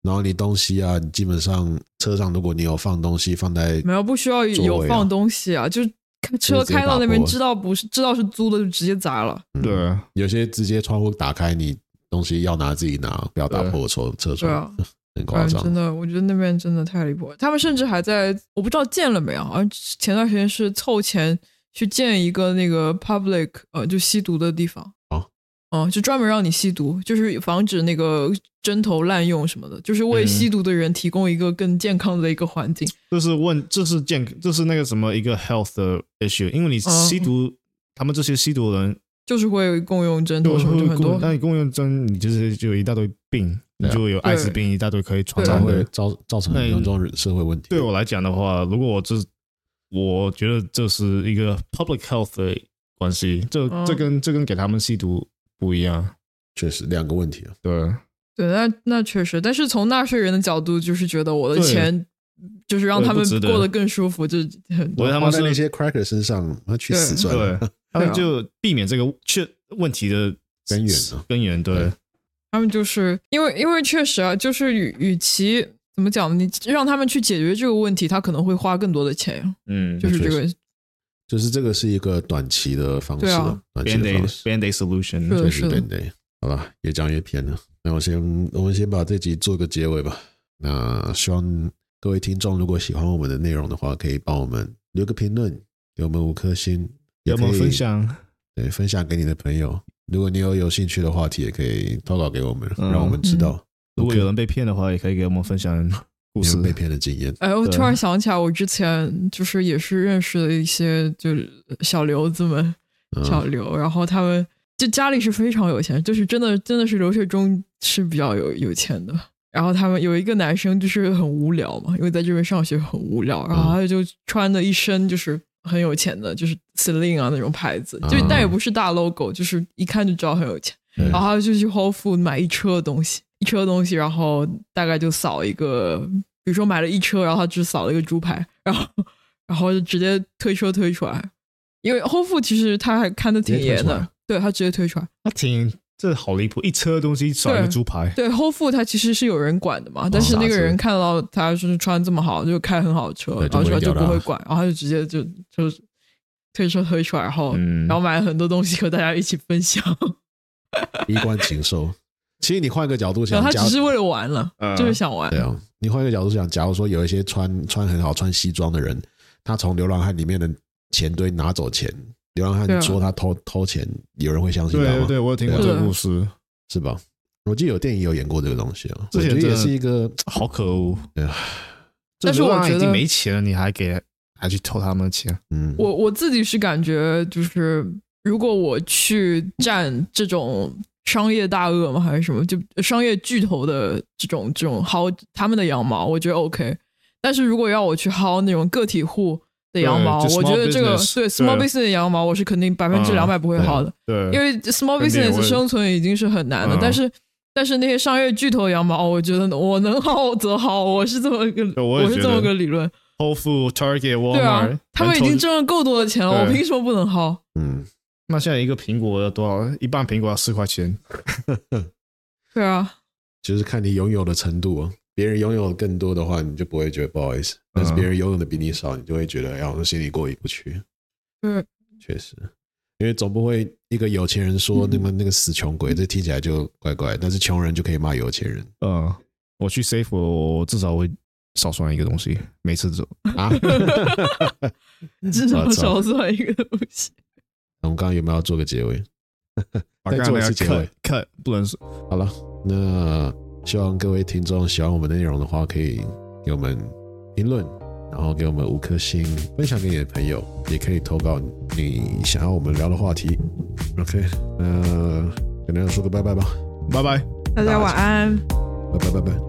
然後你東西啊，你基本上車上如果你有放東西放在，啊，沒有不需要有放東西啊，就看車開到那邊，知道不是、就是、知道是租的，就直接砸了。對、嗯，有些直接窗戶打開，你東西要拿自己拿，不要打破我車車窗對、啊呵呵，很誇張、啊。真的，我覺得那邊真的太離譜。他們甚至還在，我不知道建了沒有。好像前段時間是湊錢去建一個那個 public，呃，就吸毒的地方。哦，就專門讓你吸毒，就是防止那個針頭濫用什麼的，就是為吸毒的人提供一個更健康的一個環境。就、嗯、是問，這是健，這是那個什麼一個 health 的 issue，因為你吸毒，嗯、他們這些吸毒的人就是會共用針頭，就會什麼就很多。那你共用針，你就是就一大堆病，啊，你就有艾滋病一大堆可以傳染，造造成很多社會問題。對我來講的話，如果我這，我覺得這是一個 public health 的關係，這、嗯、這跟這跟給他們吸毒。不一樣，確實兩個問題啊。對，對，那那確實，但是從納稅人的角度，就是覺得我的錢就是讓他們過得更舒服，就是我讓他們在那些 cracker 身上去死賺。對，他們就避免這個確問題的根源啊，根源。對，他們就是因為因為確實啊，就是與與其怎麼講，你讓他們去解決這個問題，他可能會花更多的錢。嗯，就是這個。就是這個是一個短期的方式，啊、短期的方式，Band-Aid solution，是就是 Band-Aid，好吧，越講越偏了。那我先，我們先把這集做個結尾吧。那希望各位聽眾，如果喜歡我們的內容的話，可以幫我們留個評論，給我們五顆星，有沒有分享，對，分享給你的朋友。如果你有有興趣的話題，也可以投稿給我們、嗯，讓我們知道。嗯 OK? 如果有人被騙的話，也可以給我們分享。公司被騙的經驗。哎，我突然想起來，我之前就是也是認識了一些就小留子們，小留，嗯、然後他們就家裡是非常有錢，就是真的真的是留學中是比較有有錢的。然後他們有一個男生就是很無聊嘛，因為在這邊上學很無聊，然後他就穿的一身就是很有錢的，就是 Celine 啊那種牌子，嗯、就但也不是大 logo，就是一看就知道很有錢，嗯、然後他就去 Whole Food 買一車的東西。一車東西，然後大概就掃一個，比如說買了一車，然後他只掃了一個豬排，然後然後就直接推車推出來。因為後付其實他還看得挺嚴的，對，他直接推出來，他挺這好離譜，一車東西掃一個豬排。對，對後付他其實是有人管的嘛，但是那個人看到他是穿這麼好，就開很好的車，然後他就不會管，然後他就直接就就推車推出來，然後、嗯、然後買了很多東西和大家一起分享，衣冠禽獸。 <laughs> 其實你換一個角度想、啊，他只是為了玩了，就是想玩。呃、對啊、哦，你換一個角度想，假如說有一些穿穿很好、穿西裝的人，他從流浪漢裡面的錢堆拿走錢，流浪漢說他偷、啊、偷錢，有人會相信他嗎？對,、啊對啊、我有聽過這個故事、啊，是吧？我記得有電影有演過這個東西啊。這也,也是一個好可惡、啊。但是我覺得已經沒錢了，你還給還去偷他們的錢？嗯，我我自己是感覺，就是如果我去占這種。嗯商業大鱷嗎？還是什麼？就商業巨頭的這種這種薅他們的羊毛，我覺得 OK。但是如果要我去薅那種個體戶的羊毛，我覺得這個對 small business 對對的羊毛，我是肯定百分之兩百不會薅的對。對，因為 small business 生存已經是很難的。但是但是那些商業巨頭的羊毛，我覺得我能薅則薅，我是這麼一個我，我是這麼個理論。Whole Food, Target, Walmart, 對啊，他們已經掙了夠多的錢了，嗯、對，我憑什麼不能薅？嗯。那現在一個蘋果要多少？一半蘋果要四塊錢。對 <laughs> 啊，就是看你擁有的程度。別人擁有更多的話，你就不會覺得不好意思；嗯、但是別人擁有的比你少，你就會覺得哎，我心裡過意不去。嗯，確實，因為總不會一個有錢人說你們那個死窮鬼、嗯，這聽起來就怪怪。但是窮人就可以罵有錢人。嗯，我去 Safe 我至少會少算一個東西，每次都。啊！ <laughs> 至少少算一個東西。我們剛剛有沒有要做個結尾？ <laughs> 再做一次結尾，cut 不能說。好了，那希望各位聽眾喜歡我們的內容的話，可以給我們評論，然後給我們五顆星，分享給你的朋友，也可以投稿你想要我們聊的話題。OK，那跟大家說個拜拜吧，拜拜，大家晚安，拜拜拜拜。